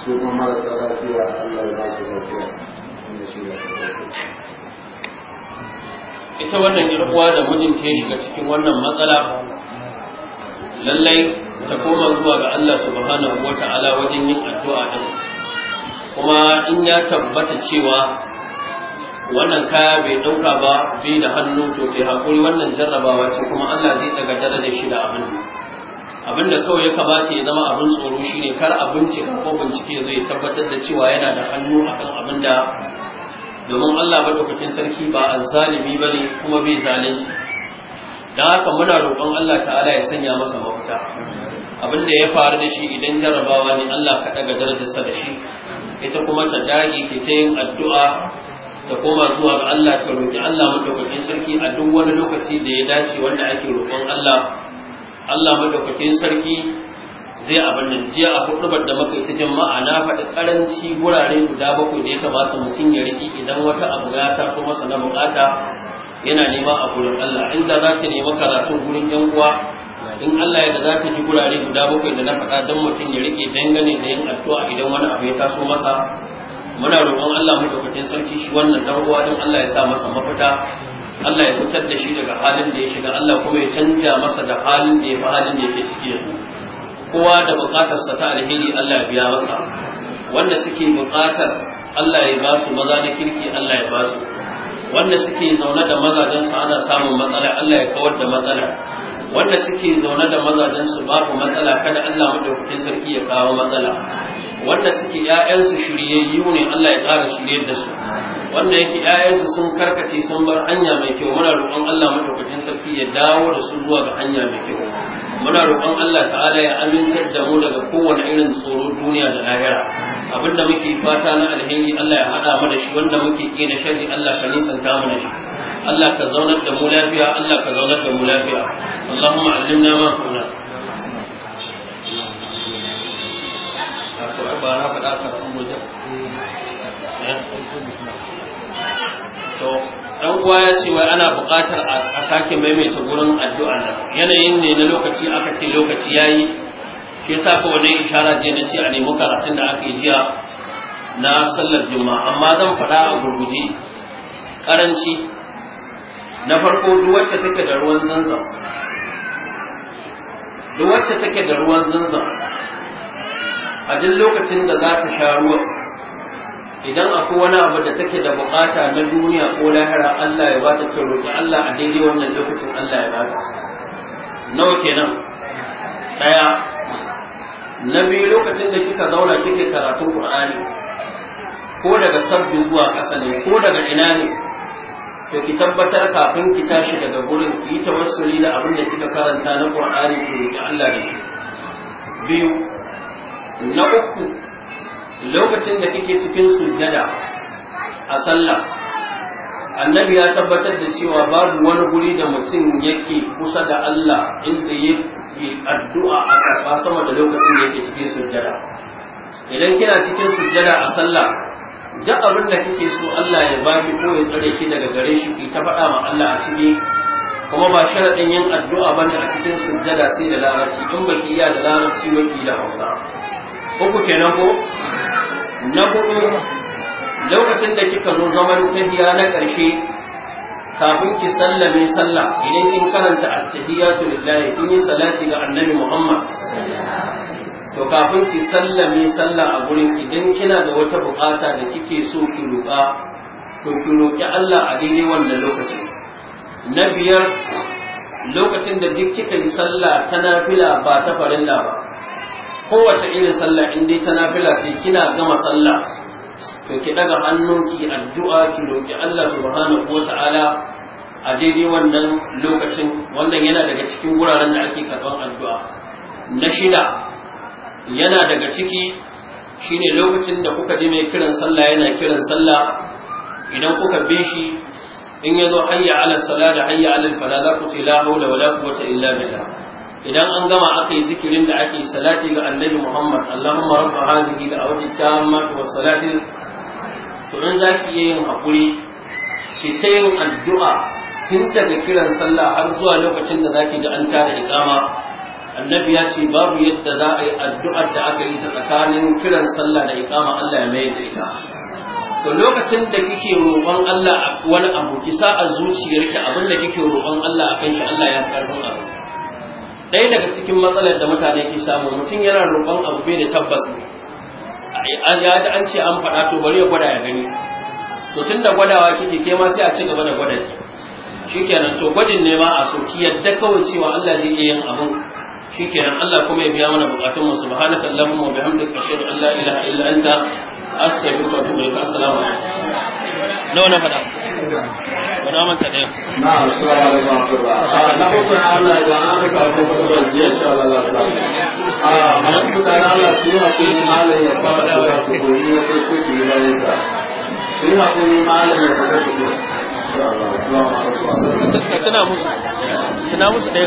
su kuma marasa lafiya Allah ya su lafiya shi ya ita wannan 'yar'uwa da mijinta ya shiga cikin wannan matsala lallai ta koma zuwa ga Allah subhanahu wa ta'ala wajen yin addu'a din kuma in ya tabbata cewa wannan kaya bai ɗauka ba bai da hannu to sai hakuri wannan jarrabawa ce kuma Allah zai daga dare da shi da abin Abin da kawai ya kamata ya zama abin tsoro shine kar a bincika ko bincike zai tabbatar da cewa yana da hannu akan abin da domin Allah madaukakin sarki ba a ba ne kuma bai zalunci dan haka muna roƙon Allah ta'ala ya sanya masa mafita abin da ya faru da shi idan jarrabawa ne Allah ka daga darajarsa da shi ita kuma ta dage ke ta yin addu'a ta koma zuwa ga Allah ta roƙi Allah madaukakin sarki a duk wani lokaci da ya dace wanda ake roƙon Allah Allah madaukakin sarki zai abin nan jiya a hudubar da muka ita jama'a na faɗi karanci gurare guda bakwai da ya kamata mutum ya riƙi idan wata abu ya taso masa na bukata yana nema a gurin Allah inda za ta nema karatun gurin yan uwa in Allah ya da za ta ji gurare guda bakwai da na faɗa don mutum ya riƙe dangane da yin addu'a idan wani abu ya taso masa muna roƙon Allah madaukakin sarki shi wannan dan uwa don Allah ya sa masa mafita Allah ya fitar da shi daga halin da ya shiga Allah kuma ya canja masa da halin da ya fi halin da yake ciki yanzu kowa da sa ta alheri Allah ya biya masa wanda suke buƙatar Allah ya ba su maza na kirki Allah ya ba su wanda suke zaune da mazajen su ana samun matsala Allah ya kawar da matsala wanda suke zaune da mazajen su babu matsala kada Allah madaukakin sarki ya kawo matsala wanda suke ‘ya'yansu shiryayyu ne Allah ya ƙara shiryar da su wanda yake ‘ya'yansu sun karkace sun bar hanya mai kyau muna roƙon Allah madaukakin sarki ya dawo da su zuwa ga hanya mai kyau muna roƙon Allah ta'ala ya amintar da mu daga kowane irin tsoro duniya da lahira da muke fata na alheri Allah ya haɗa mu da shi wanda muke ƙi na sharri Allah ka nisanta mu da shi Allah ka zaunar da mu lafiya Allah ka zaunar da mu lafiya Allahumma allimna ma sunna sauka ba na faɗa ka wajen to dan uwa ya ce wai ana buƙatar a sake maimaita gurin addu'a nan yanayin ne na lokaci aka ce lokaci yayi ke sa ka wannan ishara je na ce a nemi karatun da aka yi jiya na sallar juma'a amma zan faɗa a gurguje karanci na farko duwacce take da ruwan zanzan take da ruwan zanzan a duk lokacin da za ta sha ruwa idan akwai wani abu da take da bukata na duniya ko lahira Allah ya ba ta ta roƙi Allah a daidai wannan lokacin Allah ya ba ta nawa kenan daya na biyu lokacin da kika zauna kike karatun Qur'ani ko daga sabbi zuwa ƙasa ne ko daga ina ne to ki tabbatar kafin ki tashi daga gurin ki yi tawassuli da abin da kika karanta na Qur'ani ki roƙi Allah da shi biyu na uku lokacin da kike cikin sujada a sallah annabi ya tabbatar da cewa babu wani guri da mutum yake kusa da Allah inda yake addu'a a ƙarfa sama da lokacin da yake cikin sujjada idan kina cikin sujjada a sallah duk abin da kike so Allah ya baki ko ya tsare shi daga gare shi ki ta faɗa ma Allah a cikin kuma ba sharaɗin yin addu'a bane a cikin sujjada sai da larabci in baki iya da larabci baki da Hausa uku kenan ko na hudu lokacin da kika zo zaman tahiya na ƙarshe kafin ki sallame sallah idan kin karanta at-tahiyatu lillahi kin yi salati ga annabi Muhammad to kafin ki sallame sallah a gurin ki dan kina da wata bukata da kike so ki roƙa to ki roƙi Allah a daidai wannan lokaci na biyar lokacin da duk kika yi sallah ta nafila ba ta farilla ba kowace irin sallah in dai ta nafila sai kina gama sallah to ki daga hannunki addu'a ki roki Allah subhanahu wata'ala a daidai wannan lokacin wannan yana daga cikin wuraren da ake karban addu'a na shida yana daga ciki shine lokacin da kuka ji mai kiran sallah yana kiran sallah idan kuka bi shi in yazo hayya ala salat hayya ala al za ku ce la hawla wala quwwata illa billah idan an gama aka yi zikirin da ake salati ga annabi Muhammad Allahumma rabba hadhihi da awati tamma wa salatin, to in zaki yin hakuri ki ta yin addu'a tun daga kiran sallah har zuwa lokacin da zaki ga an tara iqama annabi ya ce babu yadda za a yi addu'ar da aka yi ta tsakanin kiran sallah da iqama Allah ya mai da ita to lokacin da kike roƙon Allah wani abu ki sa a zuciyarki abin da kike roƙon Allah akan shi Allah ya karɓi abu ɗaya daga cikin matsalar da mutane ke samu mutum yana roƙon abu bai da tabbas ne. ya da an ce an faɗa to bari ya gwada ya gani to tun da gwadawa kike ke ma sai a ci gaba da gwada ki shikenan to gwadin ne ma a so ki yadda kawai cewa Allah zai iya yin abin shikenan Allah kuma ya biya mana bukatun mu subhanaka allahumma wa bihamdika ashhadu an la ilaha illa anta astaghfiruka wa atubu ilaik na ɗaya na na hukun Allah ya a Allah su ah, yi ya fara da ya su yi bayan su yi ya fara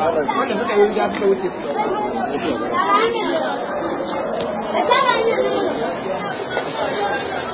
wanda suka yi